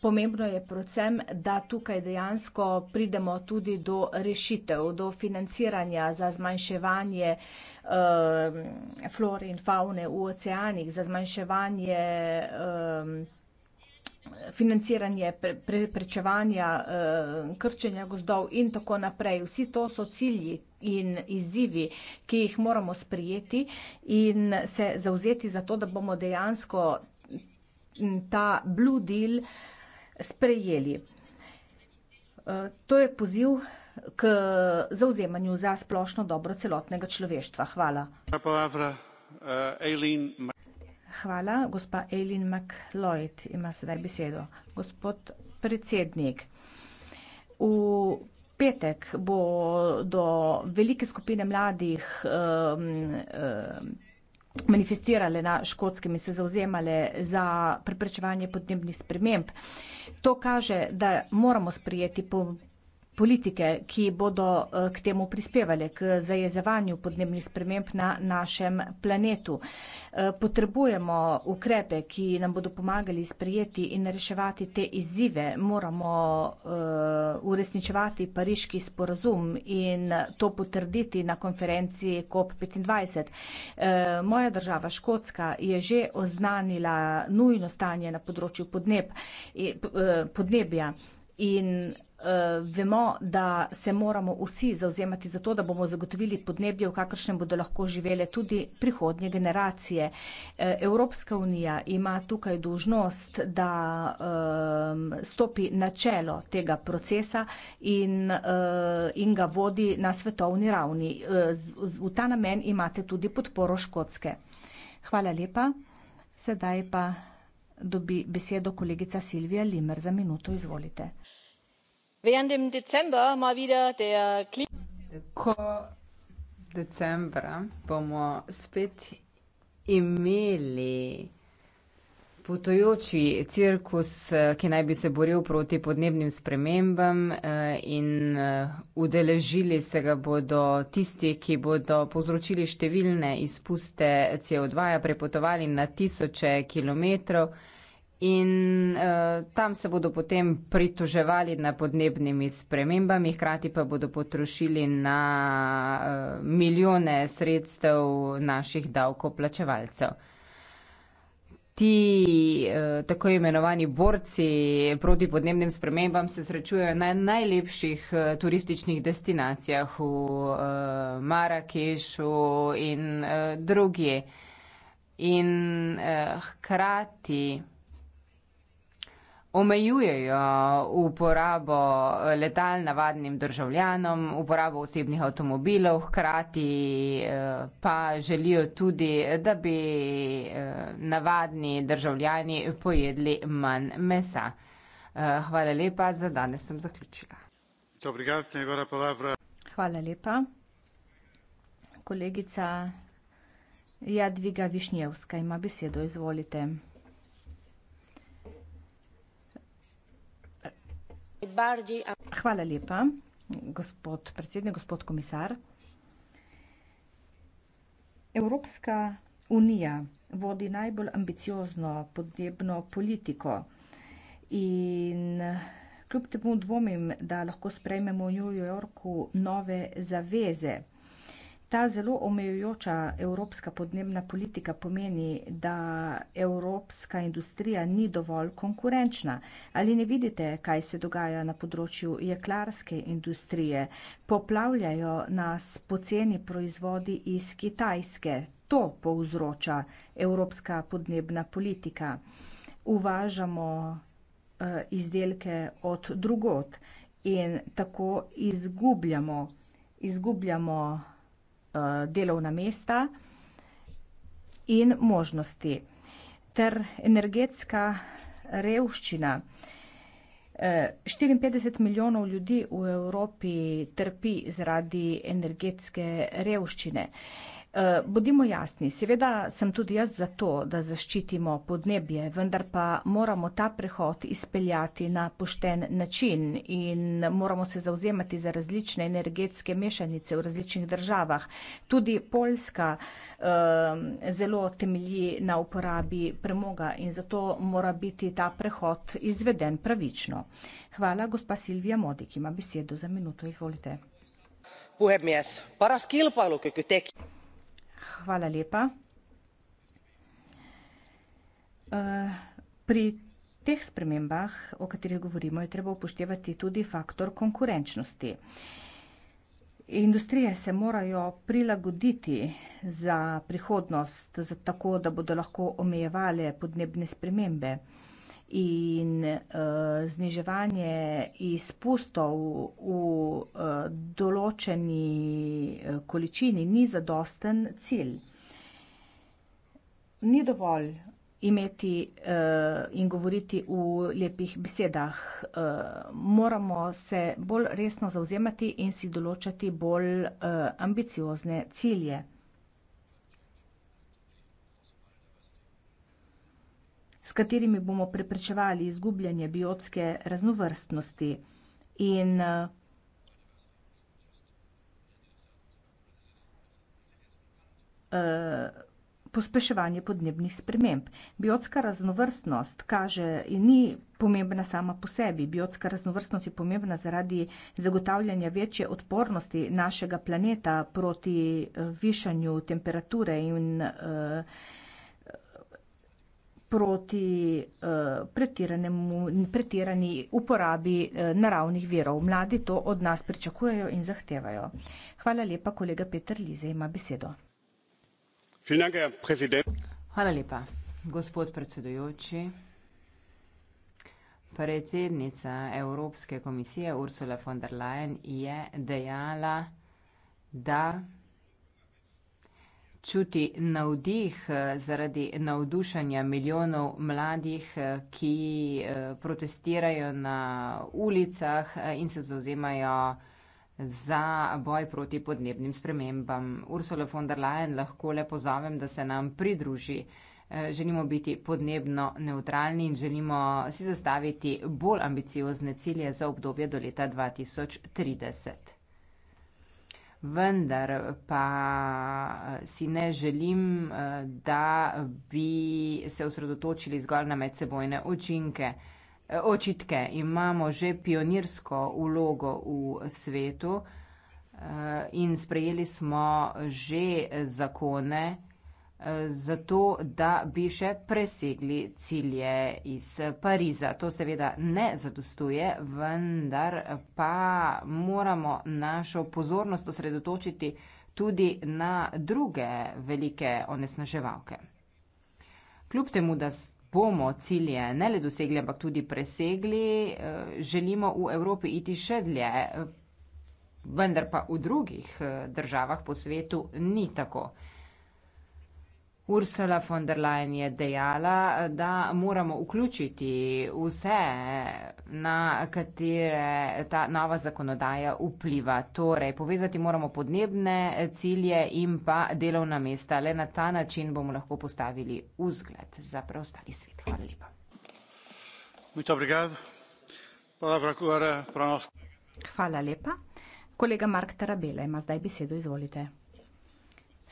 pomembno je predvsem, da tukaj dejansko pridemo tudi do rešitev, do financiranja za zmanjševanje eh, flore in faune v oceanih, za zmanjševanje eh, financiranje pre, pre, prečevanja eh, krčenja gozdov in tako naprej. Vsi to so cilji in izzivi, ki jih moramo sprijeti in se zauzeti za to, da bomo dejansko ta blue deal sprejeli. E, to je poziv k zauzemanju za splošno dobro celotnega človeštva. Hvala. E, Hvala. Gospa Eileen McLeod ima sedaj besedo. Gospod predsednik, v petek bo do velike skupine mladih um, um, manifestirale na škotskem in se zauzemale za preprečevanje podnebnih sprememb. To kaže, da moramo sprijeti politike, ki bodo eh, k temu prispevali, k zajezevanju podnebnih sprememb na našem planetu. Eh, potrebujemo ukrepe, ki nam bodo pomagali sprejeti in reševati te izzive. Moramo eh, uresničevati pariški sporozum in to potrditi na konferenci COP25. Moja država Škotska je že oznanila nujno stanje na področju podneb, podnebja. In Eh, vemo, da se moramo vsi zauzemati za to, da bomo zagotovili podnebje, v kakršnem bodo lahko živele tudi prihodnje generacije. Eh, Evropska unija ima tukaj dužnost, da eh, stopi na čelo tega procesa in, in ga vodi na svetovni ravni. V ta namen imate tudi podporo Škotske. Hvala lepa. Sedaj pa dobi besedo kolegica Silvija Limer. Za minuto izvolite während im dezember mal wieder der Ko decembra bomo spet imeli potujoči cirkus, ki naj bi se boril proti podnebnim spremembam, eh, in, eh, udeležili se ga bodo tisti, ki bodo povzročili številne izpuste COdva-ja, prepotovali na tisoče kilometrov in uh, tam se bodo potem prituževali na podnebnimi spremembami, hkrati pa bodo potrošili na uh, milijone sredstev naših davkoplačevalcev. Ti eh, tako imenovani borci proti podnebnim spremembam se srečujejo na najlepših turističnih destinacijah v Marrakešu in drugi. In hkrati omejujejo uporabo letal navadnim državljanom, uporabo osebnih avtomobilov, hkrati eh, pa želijo tudi, da bi eh, navadni državljani pojedli manj mesa. Eh, hvala lepa, za danes sem zaključila. Hvala lepa. Kolegica Jadviga Višnjevska ima besedo, izvolite. Hvala lepa, gospod predsednik, gospod komisar. Evropska unija vodi najbolj ambiciozno podnebno politiko in kljub temu dvomim, da lahko sprejmemo v New Yorku nove zaveze ta zelo omejujoča evropska podnebna politika pomeni, da evropska industrija ni dovolj konkurenčna. Ali ne vidite, kaj se dogaja na področju jeklarske industrije? Poplavljajo nas poceni proizvodi iz Kitajske. To povzroča evropska podnebna politika. Uvažamo eh, izdelke od drugot in tako izgubljamo, izgubljamo Eh, delovna mesta in možnosti. Ter energetska revščina. 54 eh, milijonov ljudi v Evropi trpi zaradi energetske revščine. Eh, bodimo jasni, seveda sem tudi jaz za to, da zaščitimo podnebje, vendar pa moramo ta prehod izpeljati na pošten način in moramo se zauzemati za različne energetske mešanice v različnih državah. Tudi Poljska eh, zelo temelji na uporabi premoga in zato mora biti ta prehod izveden pravično. Hvala, gospa Silvija Modi, ki ima besedo za minuto. Izvolite. Puhemies, paras kilpailukyky teki hvala lepa. Uh, pri teh spremembah, o katerih govorimo, je treba upoštevati tudi faktor konkurenčnosti. Industrije se morajo prilagoditi za prihodnost, za tako da bodo lahko omejevale podnebne spremembe in uh, zniževanje izpustov v uh, določeni eh, količini ni zadosten cilj. Ni dovolj imeti uh, in govoriti v lepih besedah. Uh, moramo se bolj resno zauzemati in si določati bolj uh, ambiciozne cilje. s katerimi bomo preprečevali izgubljanje biotske raznovrstnosti. In uh, pospeševanje podnebnih sprememb. Biotska raznovrstnost kaže in ni pomembna sama po sebi. Biotska raznovrstnost je pomembna zaradi zagotavljanja večje odpornosti našega planeta proti eh, višanju temperature in uh, proti uh, pretirani uporabi uh, naravnih virov. Mladi to od nas pričakujejo in zahtevajo. Hvala lepa, kolega Peter Lize ima besedo. Hvala lepa, gospod predsedujoči. Predsednica Evropske komisije Ursula von der Leyen je dejala, da čuti navdih eh, zaradi navdušanja milijonov mladih, eh, ki eh, protestirajo na ulicah in se zauzemajo za boj proti podnebnim spremembam. Ursula von der Leyen lahko le pozovem, da se nam pridruži. Želimo biti podnebno neutralni in želimo si zastaviti bolj ambiciozne cilje za obdobje do leta 2030 vendar pa eh, si ne želim, eh, da bi se osredotočili zgolj na medsebojne učinke. Eh, očitke imamo že pionirsko ulogo v svetu in sprejeli smo že zakone, zato, da bi še presegli cilje iz Pariza. To seveda ne zadostuje, vendar pa moramo našo pozornost osredotočiti tudi na druge velike onesnaževalke. Kljub temu, da bomo cilje ne le dosegli, ampak tudi presegli, eh, želimo v Evropi iti še dlje, eh, vendar pa v drugih eh, državah po svetu ni tako. Ursula von der Leyen je dejala, da moramo vključiti vse, na katere ta nova zakonodaja vpliva. Torej, povezati moramo podnebne cilje in pa delovna mesta. Le na ta način bomo lahko postavili vzgled za preostali svet. Hvala lepa. Hvala lepa. Kolega Mark Tarabela ima zdaj besedo. Izvolite.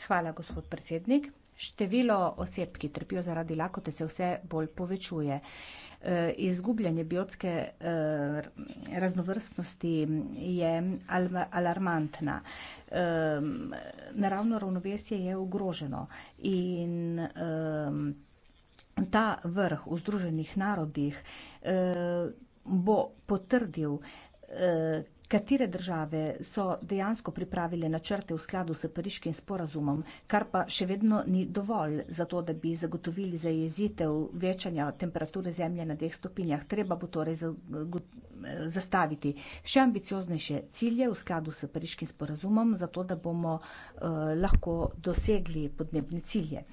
Hvala, gospod predsednik. Število oseb, ki trpijo zaradi lakote, se vse bolj povečuje. E, izgubljanje biotske e, raznovrstnosti je alarmantna. E, naravno ravnovesje je ogroženo in ta vrh v Združenih narodih bo potrdil, Katere države so dejansko pripravile načrte v skladu s pariškim sporazumom, kar pa še vedno ni dovolj za to, da bi zagotovili zajezitev večanja temperature zemlje na dveh stopinjah. Treba bo torej zastaviti še ambicioznejše cilje v skladu s pariškim sporazumom, zato da bomo eh, lahko dosegli podnebne cilje.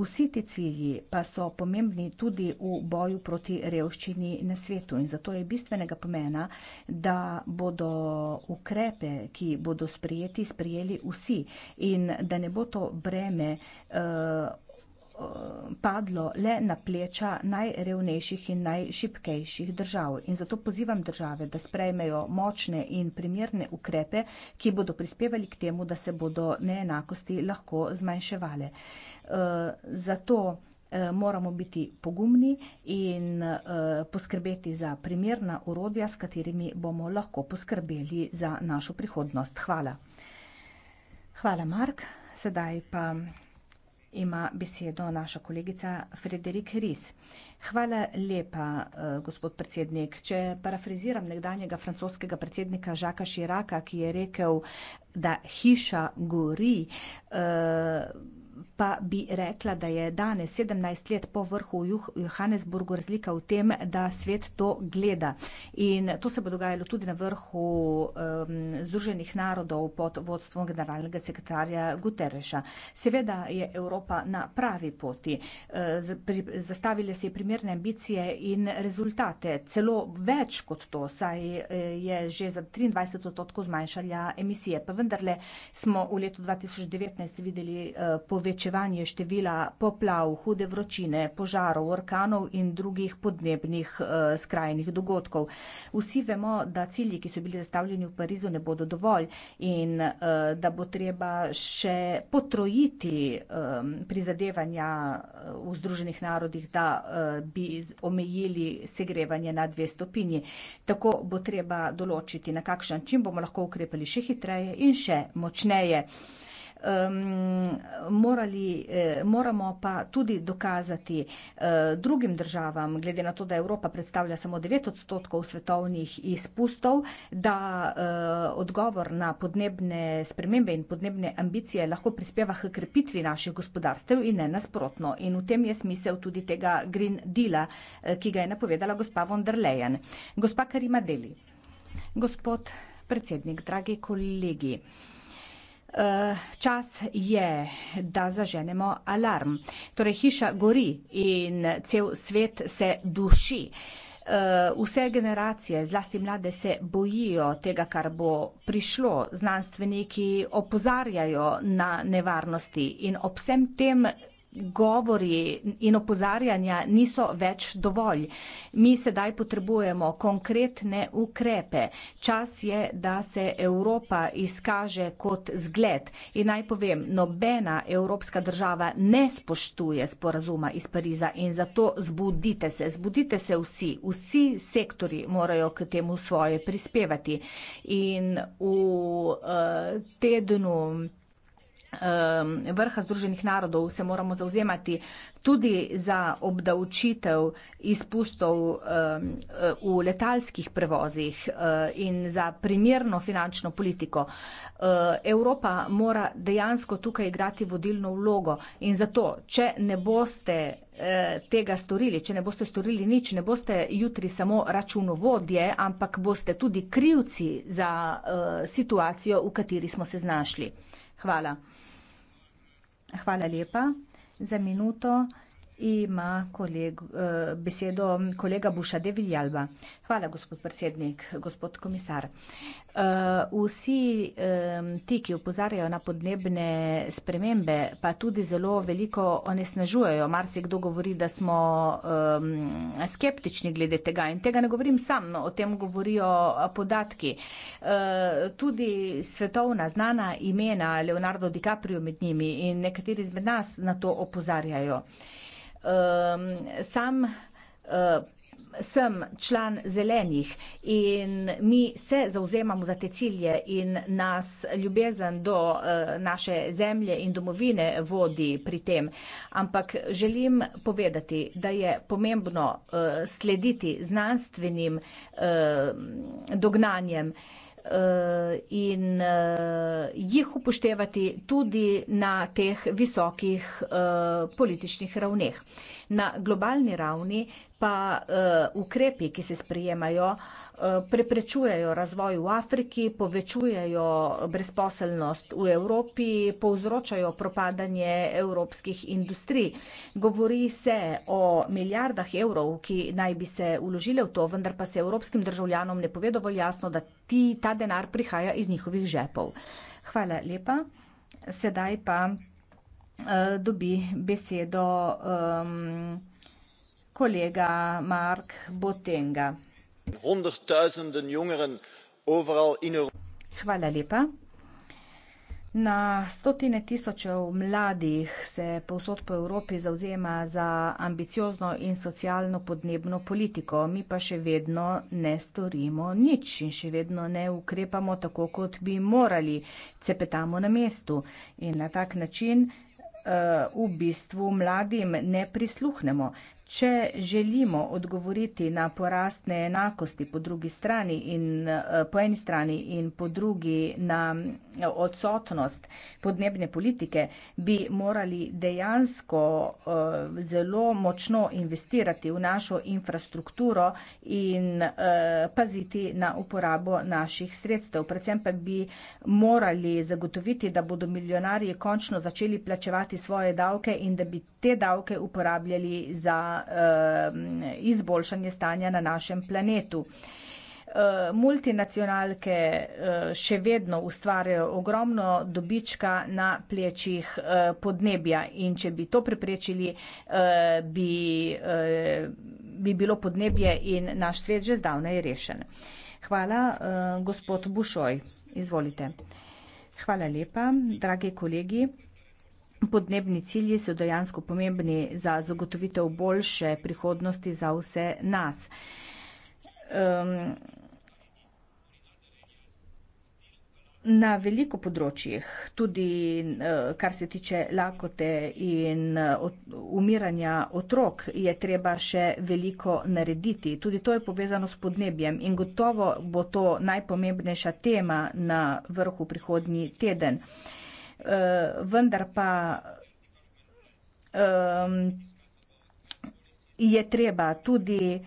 Vsi ti cilji pa so pomembni tudi v boju proti revščini na svetu in zato je bistvenega pomena, da bodo do ukrepe, ki bodo sprijeti, sprijeli vsi in da ne bo to breme eh, padlo le na pleča najrevnejših in najšipkejših držav. In zato pozivam države, da sprejmejo močne in primerne ukrepe, ki bodo prispevali k temu, da se bodo neenakosti lahko zmanjševale. Eh, zato Eh, moramo biti pogumni in eh, poskrbeti za primerna orodja, s katerimi bomo lahko poskrbeli za našo prihodnost. Hvala. Hvala, Mark. Sedaj pa ima besedo naša kolegica Frederik Ries. Hvala lepa, eh, gospod predsednik. Če parafraziram nekdanjega francoskega predsednika Žaka Širaka, ki je rekel, da hiša gori, pa bi rekla, da je danes, 17 let po vrhu v Johannesburgu, razlika v tem, da svet to gleda. In to se bo dogajalo tudi na vrhu um, Združenih narodov pod vodstvom generalnega sekretarja Guterreša. Seveda je Evropa na pravi poti. E, zastavile se je primerne ambicije in rezultate. Celo več kot to, saj e, je že za 23 odstotkov zmanjšala emisije. Pa vendarle smo v letu 2019 videli e, povečanje zmanjševanje števila poplav, hude vročine, požarov, orkanov in drugih podnebnih eh, skrajnih dogodkov. Vsi vemo, da cilji, ki so bili zastavljeni v Parizu, ne bodo dovolj in eh, da bo treba še potrojiti eh, prizadevanja eh, v Združenih narodih, da eh, bi omejili segrevanje na dve stopinji. Tako bo treba določiti, na kakšen način bomo lahko ukrepali še hitreje in še močneje morali, eh, moramo pa tudi dokazati, eh, drugim državam, glede na to, da Evropa predstavlja samo devet odstotkov svetovnih izpustov, da, eh, odgovor na podnebne spremembe in podnebne ambicije lahko prispeva h krepitvi naših gospodarstev in ne nasprotno. In v tem je smisel tudi tega Green Deala, ki ga je napovedala gospa von der Leyen. Gospa Karima Deli. Gospod predsednik, dragi kolegi. Eh, čas je, da zaženemo alarm. Torej, hiša gori in cel svet se duši. Eh, vse generacije, zlasti mlade, se bojijo tega, kar bo prišlo. Znanstveniki opozarjajo na nevarnosti in ob vsem tem govori in opozarjanja niso več dovolj. Mi sedaj potrebujemo konkretne ukrepe. Čas je, da se Evropa izkaže kot zgled. In naj povem, nobena evropska država ne spoštuje sporazuma iz Pariza in zato zbudite se, zbudite se vsi. Vsi sektori morajo k temu svoje prispevati. In v uh, tednu Ehm, vrha Združenih narodov se moramo zauzemati tudi za obdavčitev izpustov ehm, v letalskih prevozih eh, in za primerno finančno politiko. Eh, Evropa mora dejansko tukaj igrati vodilno vlogo in zato, če ne boste eh, tega storili, če ne boste storili nič, ne boste jutri samo računovodje, ampak boste tudi krivci za situacijo, v kateri smo se znašli. Hvala. Hvala lepa. Za minuto Ima koleg, eh, besedo kolega Buša Devijalba. Hvala, gospod predsednik, gospod komisar. Eh, vsi ti, ki opozarjajo na podnebne spremembe, pa tudi zelo veliko onesnažujejo. Marsikdo govori, da smo skeptični glede tega in tega ne govorim sam, no, o tem govorijo podatki. Eh, tudi svetovna znana imena, Leonardo DiCaprio med njimi in nekateri izmed nas na to opozarjajo um, sam uh, sem član zelenih in mi se zauzemamo za te cilje in nas ljubezen do uh, naše zemlje in domovine vodi pri tem. Ampak želim povedati, da je pomembno uh, slediti znanstvenim uh, dognanjem. Uh, Eh, in eh, jih upoštevati tudi na teh visokih eh, političnih ravneh. Na globalni ravni pa ukrepi, ki se sprijemajo, Eh, preprečujejo razvoj v Afriki, povečujejo brezposelnost v Evropi, povzročajo propadanje evropskih industrij. Govori se o milijardah evrov, ki naj bi se uložile v to, vendar pa se evropskim državljanom ne pove dovolj jasno, da ti, ta denar prihaja iz njihovih žepov. Hvala lepa. Sedaj pa uh, dobi besedo um, kolega Mark Botenga honderdduizenden jongeren overal in Hvala lepa. Na stotine tisočev mladih se povsod po Evropi zauzema za ambiciozno in socialno podnebno politiko, mi pa še vedno ne storimo nič in še vedno ne ukrepamo tako, kot bi morali. Cepetamo na mestu in na tak način, eh, v bistvu mladim ne prisluhnemo. Če želimo odgovoriti na porast neenakosti po drugi strani in eh, po eni strani in po drugi na eh, odsotnost podnebne politike, bi morali dejansko eh, zelo močno investirati v našo infrastrukturo in paziti na uporabo naših sredstev. Predvsem pa bi morali zagotoviti, da bodo milijonarji končno začeli plačevati svoje davke in da bi te davke uporabljali za Eh, izboljšanje stanja na našem planetu. Eh, multinacionalke eh, še vedno ustvarjajo ogromno dobička na plečih podnebja in če bi to preprečili, bi, bi bilo podnebje in naš svet že zdavnaj rešen. Hvala, gospod Bušoj. Izvolite. Hvala lepa, dragi kolegi. Podnebni cilji so dejansko pomembni za zagotovitev boljše prihodnosti za vse nas. Um, na veliko področjih, tudi eh, kar se tiče lakote in eh, umiranja otrok, je treba še veliko narediti. Tudi to je povezano s podnebjem in gotovo bo to najpomembnejša tema na vrhu prihodnji teden. Uh, Eh, vendar pa um, je treba tudi uh,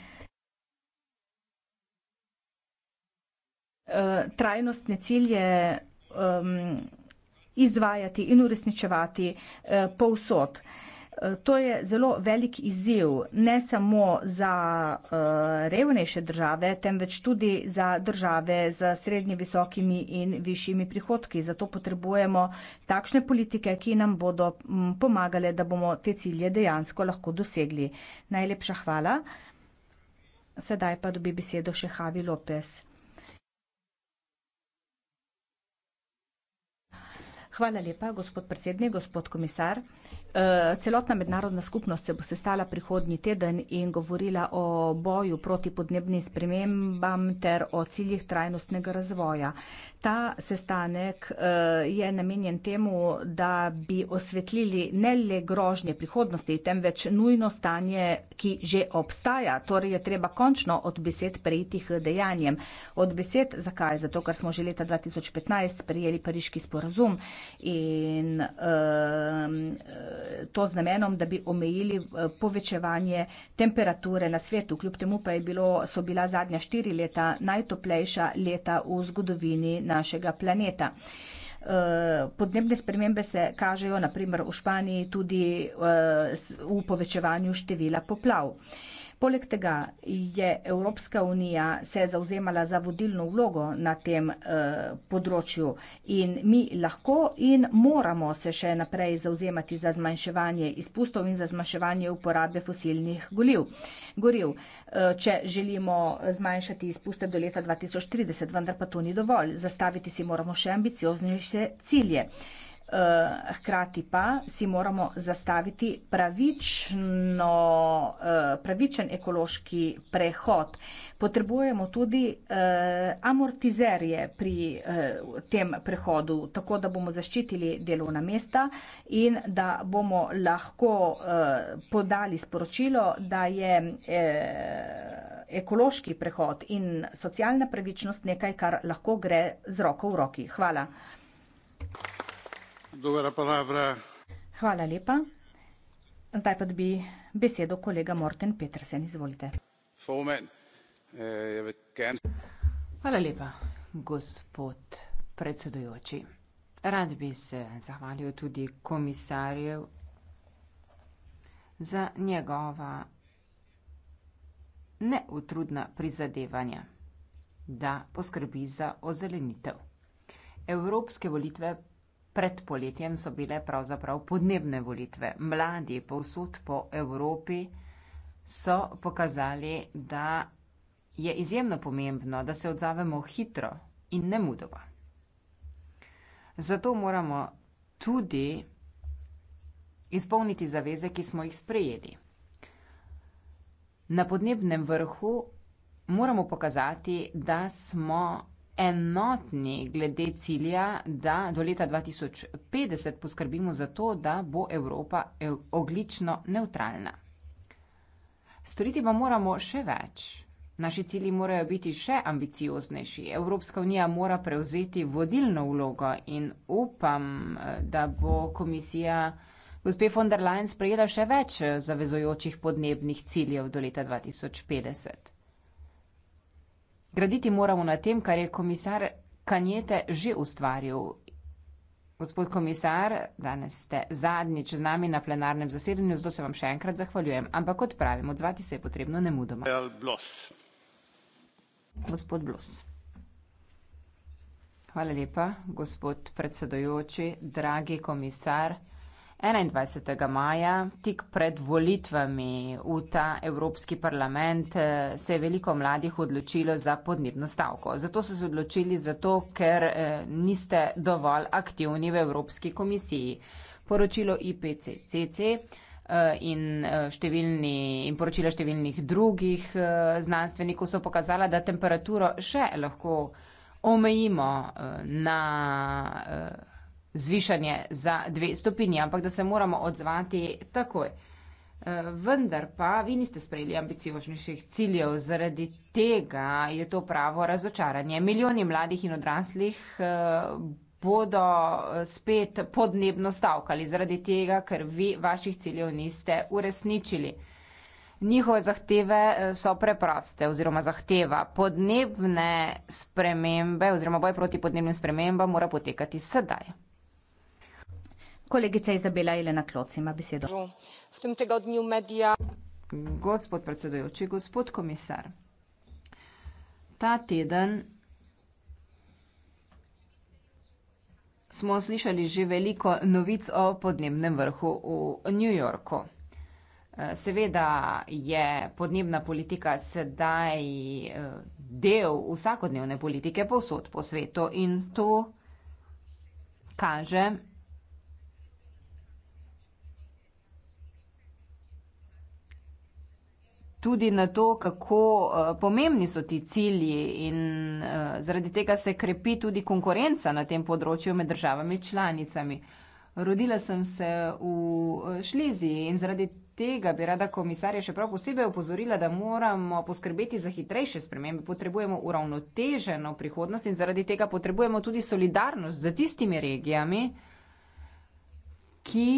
trajnostne cilje um, izvajati in uresničevati uh, povsod. Uh, Eh, to je zelo velik izziv, ne samo za uh, revnejše države, temveč tudi za države z srednje visokimi in višjimi prihodki. Zato potrebujemo takšne politike, ki nam bodo mm, pomagale, da bomo te cilje dejansko lahko dosegli. Najlepša hvala. Sedaj pa dobi besedo še Havi Lopes. Hvala lepa, gospod predsednik, gospod komisar. Eh, celotna mednarodna skupnost se bo sestala prihodnji teden in govorila o boju proti podnebnim spremembam ter o ciljih trajnostnega razvoja. Ta sestanek eh, je namenjen temu, da bi osvetlili ne le grožnje prihodnosti, temveč nujno stanje, ki že obstaja. Torej je treba končno od besed preiti k dejanjem. Od besed zakaj? Zato, ker smo že leta 2015 prijeli pariški sporazum in uh, to z namenom, da bi omejili eh, povečevanje temperature na svetu. Kljub temu pa bilo, so bila zadnja štiri leta najtoplejša leta v zgodovini našega planeta. Eh, podnebne spremembe se kažejo naprimer v Španiji tudi eh, v povečevanju števila poplav. Poleg tega je Evropska unija se zauzemala za vodilno vlogo na tem eh, področju in mi lahko in moramo se še naprej zauzemati za zmanjševanje izpustov in za zmanjševanje uporabe fosilnih goliv. goriv, eh, če želimo zmanjšati izpuste do leta 2030, vendar pa to ni dovolj. Zastaviti si moramo še ambicioznejše cilje. Eh, hkrati pa si moramo zastaviti pravično, eh, pravičen ekološki prehod. Potrebujemo tudi eh, amortizerje pri tem prehodu, tako da bomo zaščitili delovna mesta in da bomo lahko podali sporočilo, da je ekološki prehod in socialna pravičnost nekaj, kar lahko gre z roko v roki. Hvala. Hvala lepa. Zdaj pa dobi besedo kolega Morten Petersen, izvolite. Eh, Hvala lepa, gospod predsedujoči. Rad bi se zahvalil tudi komisarju za njegova neutrudna prizadevanja, da poskrbi za ozelenitev. Evropske volitve Pred poletjem so bile pravzaprav podnebne volitve. Mladi povsod po Evropi so pokazali, da je izjemno pomembno, da se odzavemo hitro in ne mudoma. Zato moramo tudi izpolniti zaveze, ki smo jih sprejeli. Na podnebnem vrhu moramo pokazati, da smo enotni glede cilja, da do leta 2050 poskrbimo za to, da bo Evropa e, oglično neutralna. Storiti pa moramo še več. Naši cilji morajo biti še ambicioznejši. Evropska unija mora prevzeti vodilno vlogo in upam, da bo komisija gospe von der Leyen sprejela še več zavezojočih podnebnih ciljev do leta 2050 graditi moramo na tem, kar je komisar Kanjete že ustvaril. Gospod komisar, danes ste zadnjič z nami na plenarnem zasedanju, zato se vam še enkrat zahvaljujem. Ampak kot pravim, odzvati se je potrebno nemudoma. Blos. Gospod Blos. Hvala lepa, gospod predsedojoči, dragi komisar. 21. maja, tik pred volitvami v ta Evropski parlament, eh, se je veliko mladih odločilo za podnebno stavko. Zato so se odločili, zato, ker eh, niste dovolj aktivni v Evropski komisiji. Poročilo IPCCC eh, in, številni, in poročila številnih drugih znanstvenikov so pokazala, da temperaturo še lahko omejimo na zvišanje za dve stopinji, ampak da se moramo odzvati takoj. Eh, vendar pa vi niste sprejeli ambicioznejših ciljev, zaradi tega je to pravo razočaranje. Milijoni mladih in odraslih eh, bodo eh, spet podnebno stavkali zaradi tega, ker vi vaših ciljev niste uresničili. Njihove zahteve so preproste oziroma zahteva podnebne spremembe oziroma boj proti podnebnim spremembam mora potekati sedaj. Gospod predsedujoči, gospod komisar. Ta teden smo slišali že veliko novic o podnebnem vrhu v New Yorku. Eh, seveda je podnebna politika sedaj eh, del vsakodnevne politike povsod po svetu in to kaže, tudi na to, kako eh, pomembni so ti cilji in eh, zaradi tega se krepi tudi konkurenca na tem področju med državami članicami. Rodila sem se v eh, Šliziji in zaradi tega bi rada komisarja še prav posebej upozorila, da moramo poskrbeti za hitrejše spremembe. Potrebujemo uravnoteženo prihodnost in zaradi tega potrebujemo tudi solidarnost za tistimi regijami, ki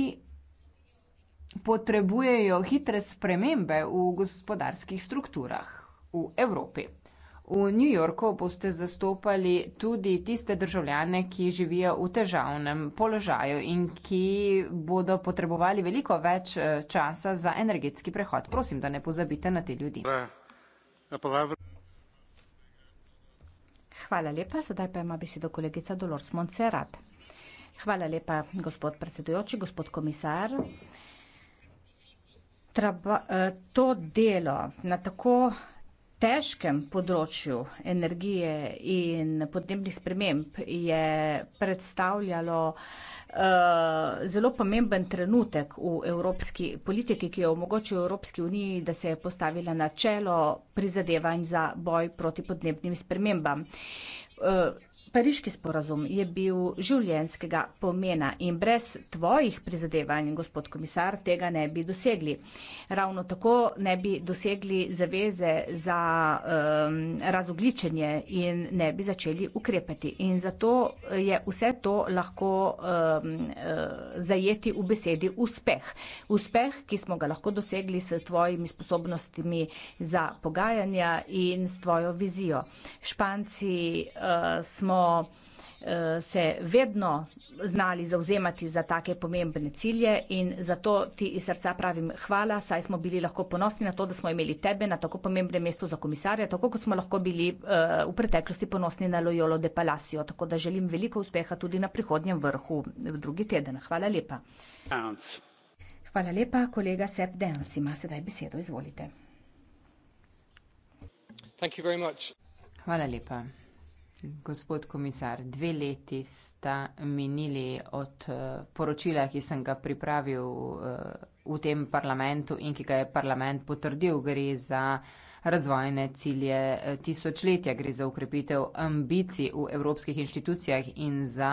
potrebujejo hitre spremembe v gospodarskih strukturah v Evropi. V New Yorku boste zastopali tudi tiste državljane, ki živijo v težavnem položaju in ki bodo potrebovali veliko več eh, časa za energetski prehod. Prosim, da ne pozabite na te ljudi. Hvala lepa. Sedaj pa ima besedo kolegica Dolores Monserrat. Hvala lepa, gospod predsedujoči, gospod komisar traba, eh, to delo na tako težkem področju energije in podnebnih sprememb je predstavljalo eh, zelo pomemben trenutek v evropski politiki, ki je omogočil Evropski uniji, da se je postavila na čelo prizadevanj za boj proti podnebnim spremembam. Eh, Pariški sporazum je bil življenskega pomena in brez tvojih prizadevanj, gospod komisar, tega ne bi dosegli. Ravno tako ne bi dosegli zaveze za um, razogličenje in ne bi začeli ukrepati. In zato je vse to lahko um, uh, zajeti v besedi uspeh. Uspeh, ki smo ga lahko dosegli s tvojimi sposobnostmi za pogajanja in s tvojo vizijo. Španci uh, smo Eh, se vedno znali zauzemati za take pomembne cilje in zato ti iz srca pravim hvala, saj smo bili lahko ponosni na to, da smo imeli tebe na tako pomembnem mestu za komisarja, tako kot smo lahko bili eh, v preteklosti ponosni na Loyolo de Palacio. Tako da želim veliko uspeha tudi na prihodnjem vrhu drugi teden. Hvala lepa. Hvala lepa, kolega Sepp Dens ima sedaj besedo, izvolite. Hvala lepa. Gospod komisar, dve leti sta minili od eh, poročila, ki sem ga pripravil eh, v tem parlamentu in ki ga je parlament potrdil. Gre za razvojne cilje eh, tisočletja, gre za ukrepitev ambicij v evropskih inštitucijah in za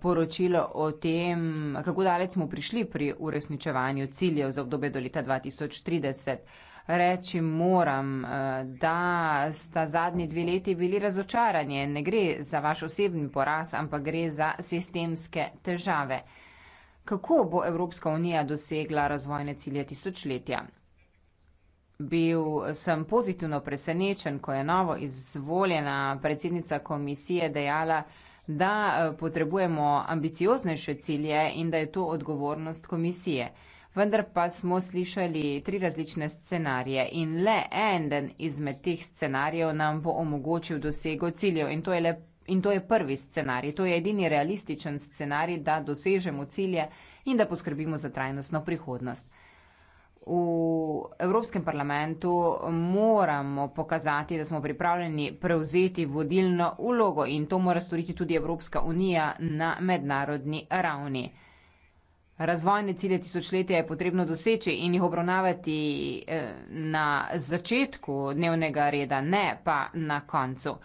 poročilo o tem, kako daleč smo prišli pri uresničevanju ciljev za obdobje do leta 2030 reči moram, eh, da sta zadnji dve leti bili razočaranje. Ne gre za vaš osebni poraz, ampak gre za sistemske težave. Kako bo Evropska unija dosegla razvojne cilje tisočletja? Bil sem pozitivno presenečen, ko je novo izvoljena predsednica komisije dejala, da eh, potrebujemo ambicioznejše cilje in da je to odgovornost komisije vendar pa smo slišali tri različne scenarije in le en izmed teh scenarijev nam bo omogočil dosego ciljev in to je le. In to je prvi scenarij, to je edini realističen scenarij, da dosežemo cilje in da poskrbimo za trajnostno prihodnost. V Evropskem parlamentu moramo pokazati, da smo pripravljeni prevzeti vodilno ulogo in to mora storiti tudi Evropska unija na mednarodni ravni. Razvojne cilje tisočletja je potrebno doseči in jih obravnavati eh, na začetku dnevnega reda, ne pa na koncu.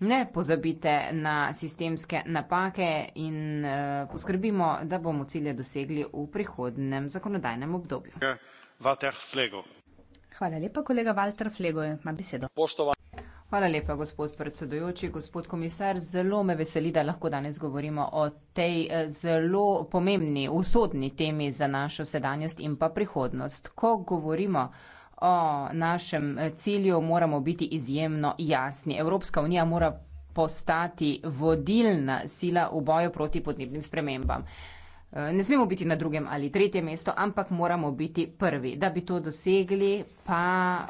Ne pozabite na sistemske napake in eh, poskrbimo, da bomo cilje dosegli v prihodnem zakonodajnem obdobju. Hvala lepa, kolega Walter Flego ima besedo. Hvala lepa, gospod predsedujoči. Gospod komisar, zelo me veseli, da lahko danes govorimo o tej eh, zelo pomembni, usodni temi za našo sedanjost in pa prihodnost. Ko govorimo o našem eh, cilju, moramo biti izjemno jasni. Evropska unija mora postati vodilna sila v boju proti podnebnim spremembam. Eh, ne smemo biti na drugem ali tretjem mestu, ampak moramo biti prvi. Da bi to dosegli, pa.